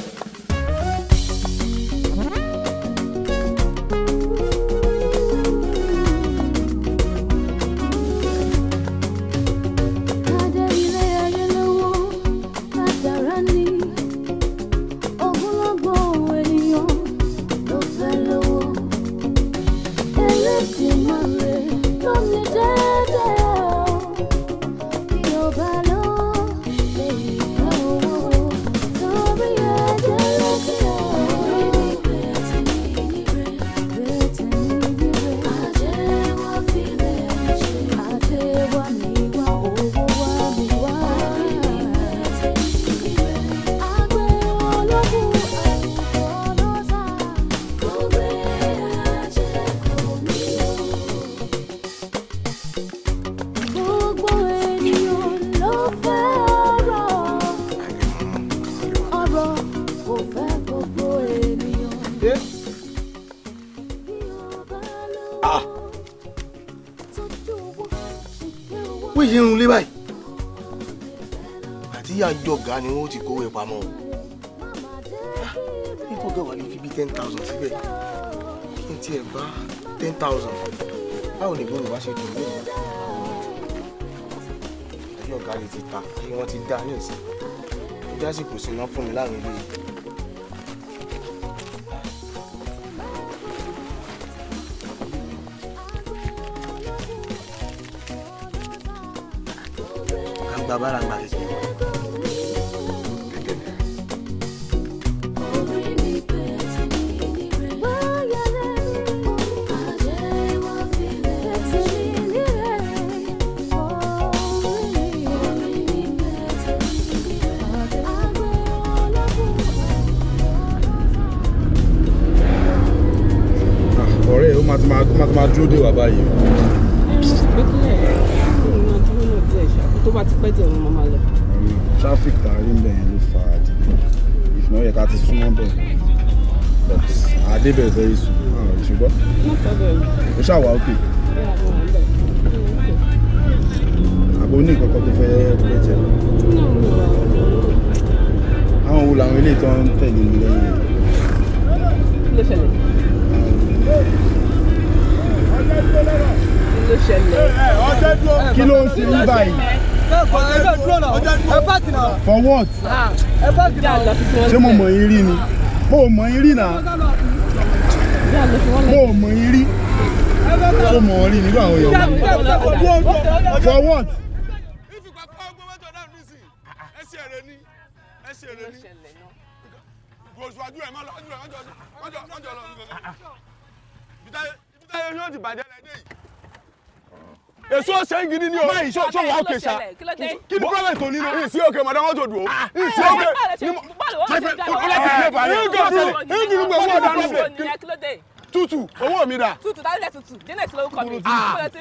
dọ̀gá ni wọ́n ti kówó ẹ̀ pamọ́ ah, nígbà ọ̀gá fi bíi ten thousand síbẹ̀ ní tí ẹ bá ten thousand báwo ni gbogbo wa ṣe dùn lónìí ẹ̀yìn ọ̀gá rẹ̀ ti ta kí wọ́n ti dá ní ìsìn jásìkò sí iná fún mi láàrin ilé yìí. bàbá gbà máa dúró dè wá báyìí. tó bá ti pẹ́ tẹ̀ wọ́n máa lọ. traffic tààrí mbẹ̀ yẹn ló fa àdìgbò ìfúnná yẹ ká ti súnmọ́ bẹ̀ àdébẹ̀ very soon ṣùgbọ́n ó ṣàwà òkè. for what? ṣé mo mọ̀ yín rí ni mo mọ̀ yín rí náà mo mọ̀ yín rí ṣé mo mọ̀ rí nígbà àwọn èèyàn for what? gbòòsùwájú ẹ̀ mọ́ lọ ọjọ́ ọjọ́ ọjọ́ ọjọ́ lọ ibi táyé yóò ti bàjẹ́ lẹ́dẹ̀ yìí. èso ṣe ń gidi ni o. báyìí ṣọ́ ṣọ́ wà ó kè sá kí ni problem tó nínú. n sí òkè madam wọn tó dùn o. n sí òkè ní mo ṣe fẹ ọlọ́pàá ní ìbàdàn. n kì í gbẹ owó ọ̀dà lọ́sẹ̀ tútù owó mi dà. Tutu, tá ló lẹ tútù janet lórúkọ mi.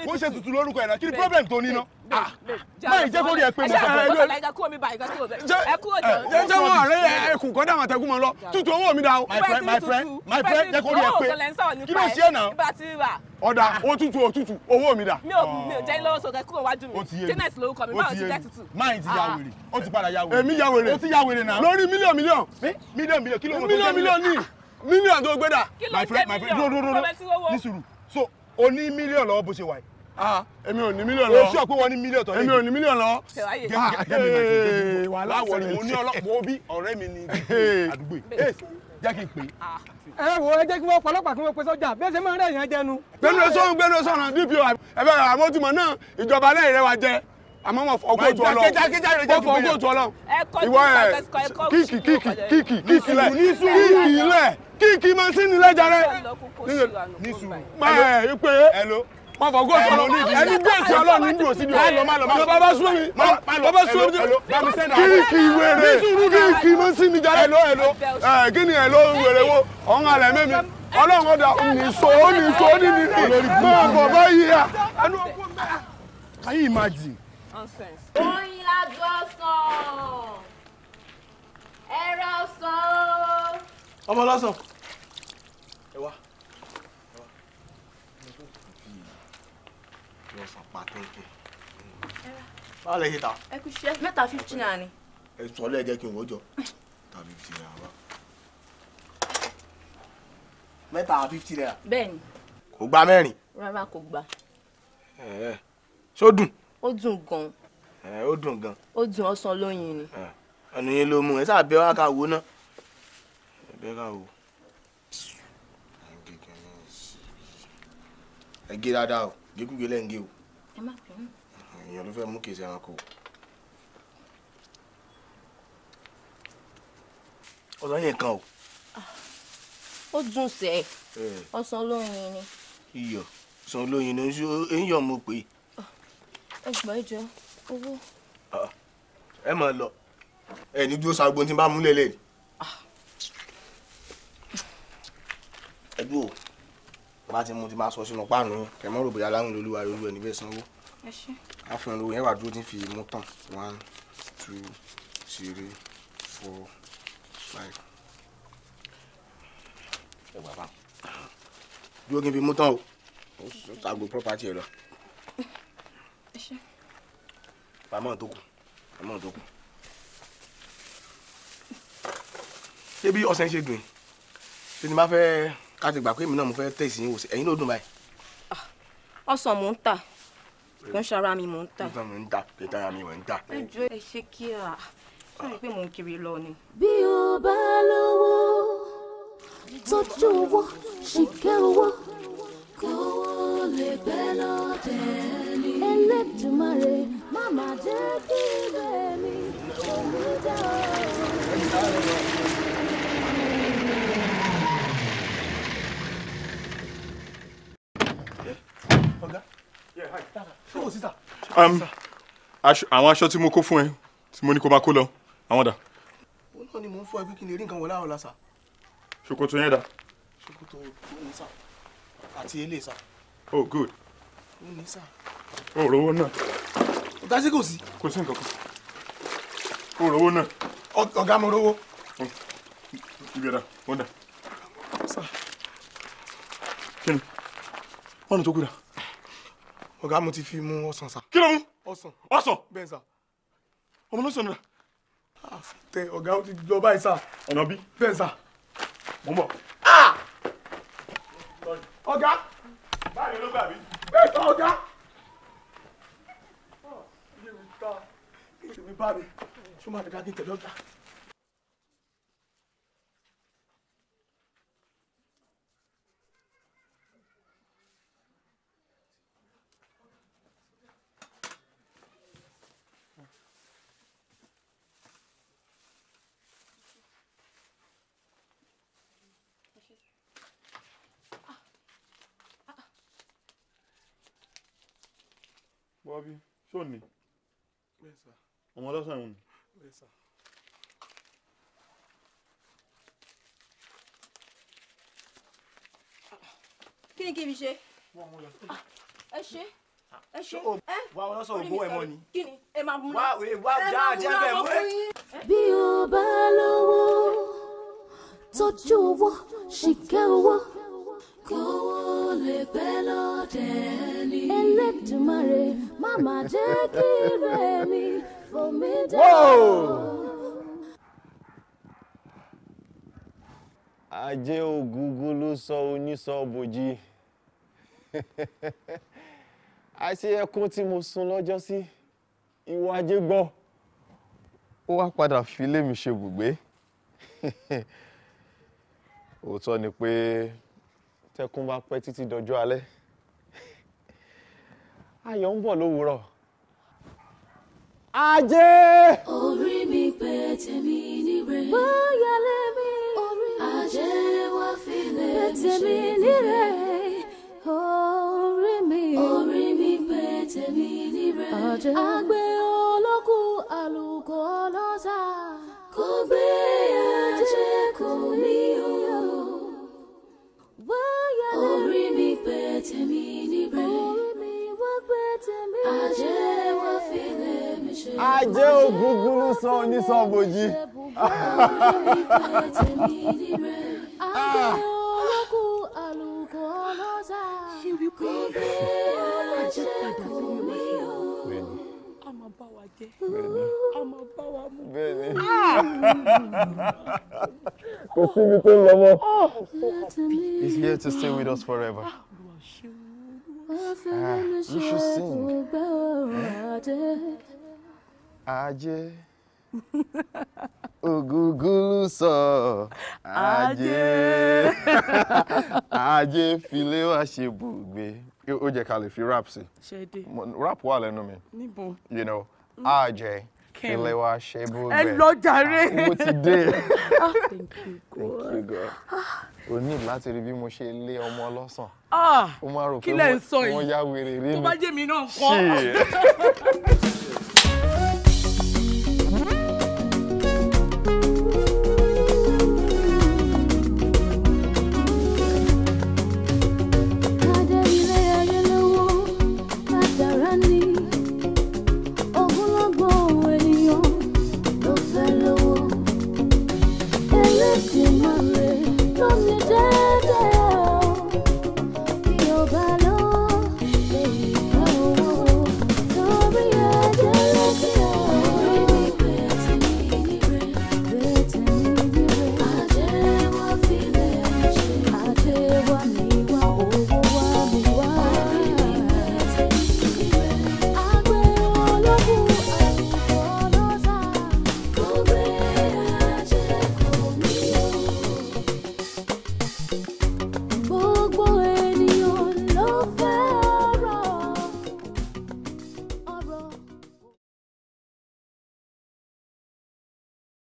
kó ṣe tútù lórúkọ ẹ̀ náà kí ni problem tó ní ná. báyìí ah, jẹ́ kó rí ẹ pé mo sọ̀rọ̀ ẹ lórí. ẹ kúrò mi báyìí ẹ kúrò jọ. jẹ́ jẹ́ wọ́n àárẹ̀ ẹkùn kan dáhùn àtẹ̀gùn mọ́ lọ tútù owó mi dà o. my friend my friend my friend jẹ́ kó rí ẹ pé kí ló ṣe é náà ọ̀dà òtútù òtútù owó mi dà. mi ò ah. mi ò jẹ́ lọ́wọ́ sọ̀kẹ́ kúrò wájú mi janet lórúkọ mi báwo ti jẹ́ tútù. máyì ti ya ah. wèrè ó ti padà ya wèrè. èmi ya wèrè ó ti ya wèrè náà. lórí mílíọ̀nù mílíọ̀nù eh? mílíọ̀nù mílíọ̀nù kí ló ń bọ̀ mílíọ̀nù mílíọ̀nù ní. Million tó gbé dà. my friend my friend dúró dúró dúró ní sùúrù so o ní mílíọ̀nù lọ́wọ́ bó ṣe wà yìí. Ah, èmi ò ní mílíọ̀nù lọ. o ṣọ́ pé wọ́n ní mílíọ̀nù tọ́lẹ̀. èmi ò ní mílíọ̀nù lọ. wàhálà wọlé mo ní ọlọ́pàá bí ọ̀rẹ́ mi ní àdúgbò yìí jẹ́ kí n pè é. Ah. ẹ wo ẹ jẹ́ kí wọ́n pọlọ́pàá kí wọ́n pe sọ́jà bí ẹ ṣe máa ń rẹ̀yàn jẹnu. gbẹnu sọ́run gbẹnu sọ̀rọ̀ dpo ẹ̀fẹ̀ àmójúmọ̀ náà ìjọba lẹ́yìn rẹ wa jẹ àmọ́ mo fọ ogójì ọlọ́run mo fọ ogójì ọlọ́run ìwọ ẹ kíkì kíkì kíkì kíkì lẹ kíkì lẹ kíkì máa sí ní lẹ́jàre. ní sùúrù máa ẹ ní ìdí. ẹni góòtù ọlọ́run ní ìdúró síbi ọ̀rọ̀ lọ bàbá sún mi bàbá sún mi kíkì wèrè kíkì máa sí ní jàre. ẹ̀ló ẹ̀ló kí ni ẹ̀ló wèrè wo ọ̀hún alẹ́ mẹ́mi ọlọ́run ọ̀dà nìṣó nìṣó nìní máa bọ̀ báyìí à. Can you imagine? Nonsense. oyin lájọ sàn ẹ̀rọ sàn ọmọ lọ́sàn. ẹ wá lọ sàn pàtẹ́kẹ̀. báwo lè ṣe ta. ẹ kú iṣẹ́ mẹ́ta fifty naira ni. ẹ sọ ọ́ lẹ́ẹ̀jẹ̀ kí n wọ́jọ́ tàbí fifty naira wá. mẹ́ta fifty naira. bẹ́ẹ̀ni. kò gba mẹ́rin. rárá kò gba. ẹ ẹ ṣó dùn. ó dùn gan. ẹ ó dùn gan. ó dùn ọsàn lóyin ni. ọ̀nà yẹn ló mú ẹ sáà wá ká wo náà bẹ́rà o ẹ gé dáadáa o gékúgé lẹ́ ń gé o èèyàn ló fẹ́ mú kèsì ẹranko. ọ̀sán yẹn kan o. Ah, ó dùn sẹ́ ọ̀sán olóyin ni. iyọ̀ ọ̀sán olóyin ni ń yọ̀ mo pè é. Ah, ẹgbẹ́ ìjọ owó. Ah, ẹ máa lọ ẹ ní dúró sagbon tí n bá múlẹ̀ lẹ́yìn. ẹbí o bàbá ti mú ti máa sọ sínú páànù yẹn kẹmọ rò bóyá láwọn olólùwà rẹ olú ẹni bẹ́ẹ̀ sanwó àfihàn lówó yẹn wà dúró tí ń fi mú tán one two three four five. ẹ bàbá dúró kí n fi mú tán o ó ṣàgbó property ẹ lọ pamọ́ tó kù pamọ́ tó kù ṣé bí ọ̀sẹ̀ ń ṣe gbìn ṣé ni máa fẹ́ẹ́ ká ti gbà pé èmi náà mo fẹ́ tẹ̀sí yín wò sí ẹ̀yin ló dùn báyìí. Ah, ọsàn mò ń tà kò ń ṣara mi mò ń tà. ọsàn mò ń tà kì í tara mi mò ń tà. ẹ ẹ ṣe kí a sọ̀rọ̀ pé mò ń kiri lọ ni. bí o bá lówó tọ́jú owó ṣìkẹ́ owó kówó lè bẹ́ lọ́dẹ̀ ni. Ẹlẹ́dùmarè má jẹ́ kí ilé mi kò jẹ́ ọ̀rọ̀. Um, àwọn aṣọ tí mo kó fún ẹ tí mo ní kó máa kó lọ àwọn dà. ó náà ni mò ń fọ ẹgbẹ́ kí n lè rí nǹkan wọlé àwọn lásà. ṣòkòtò yẹn dà. ṣòkòtò òun sà àti ilé sà. oh good. òun ní sà. o oh, rówó náà. ọ̀gá sí kò sí. kò sí nǹkan kan. o oh, rówó náà. ọ̀gá mo rówó. Oh, ibi ẹ̀dá wọ́n dà. kí ni wọ́n nù tó kú dà ọ̀gá mo ti fi mu ọsàn sa. kí ló mú ọsàn ọsàn bẹ́ẹ̀ sà. ọmọ ló sọnù rà. Ah, àfitẹ ọ̀gá ó ti lọ báyìí sà. ọ̀nà bí. bẹ́ẹ̀ sà. mo mọ̀. Ah! ọ̀gá. báyìí ló gbà mí. bẹ́ẹ̀ sọ ọ̀gá. Ah, ilé mi ta mi bá mi máa dàgbà kí n tẹ̀lé ọ̀gá. Àkọ́bí ṣó ni ọmọ ọlọ́sàn ìwọ̀n ni. kí ni kí n fi ṣe. Ah, ẹ ṣe ẹ ṣe wá ọlọ́sàn ògbó ẹ mọ ni. kí ni ẹ máa mú un. wá eh, wá já jẹ́ bẹ́ẹ̀ wẹ́. bí o bá lówó tọ́jú owó ṣìkẹ́ owó kọ́ lè pẹ́ lọ́dẹ ni. Elédùmarè má má jẹ́ kí rẹ̀ mi fò mí dáhùn. ajé ògúngún ló sọ onísọ̀bòjì àṣé <laughs> ẹkún tí mo sun lọ́jọ́ sí ìwọ ajé gbọ́ ó wá padà fi mi ṣe bùgbé <laughs> òótọ́ ni pé. Pe tẹkùn bá pẹ́ títí dọjọ́ alẹ́ ayọ̀ ń bọ̀ lówùúrọ̀ ajé. orí mi pé tèmi níre. bóyá lèmi orí mi ajé wá filẹ̀ ṣe tèmi níre. orí mi orí mi pé tèmi níre. ajé àgbẹ̀ olókùn àlùkò lọ́sà. kò gbé. ajé ògúngún ló sọ onísọ̀bòjì. ṣé sí ìwé <laughs> tó lọ mọ́. he's here to stay with us forever. Ah, ah you should sing ajé ògúngúlù sọ ajé ajé filé wá ṣe bùgbé ó jẹ́ ká lè fi rap sí rap wà lẹ́nu mi níbo you know mm. ajé filé wá ṣe bùgbé ẹ lọ jàre ah, mo ti dé <laughs> ah, thank you God ah. o ní láti rí bí mo ṣe lé ọmọ ọlọ́sàn ó máa rò pé wọ́n yá wèrè rí mi tó <laughs>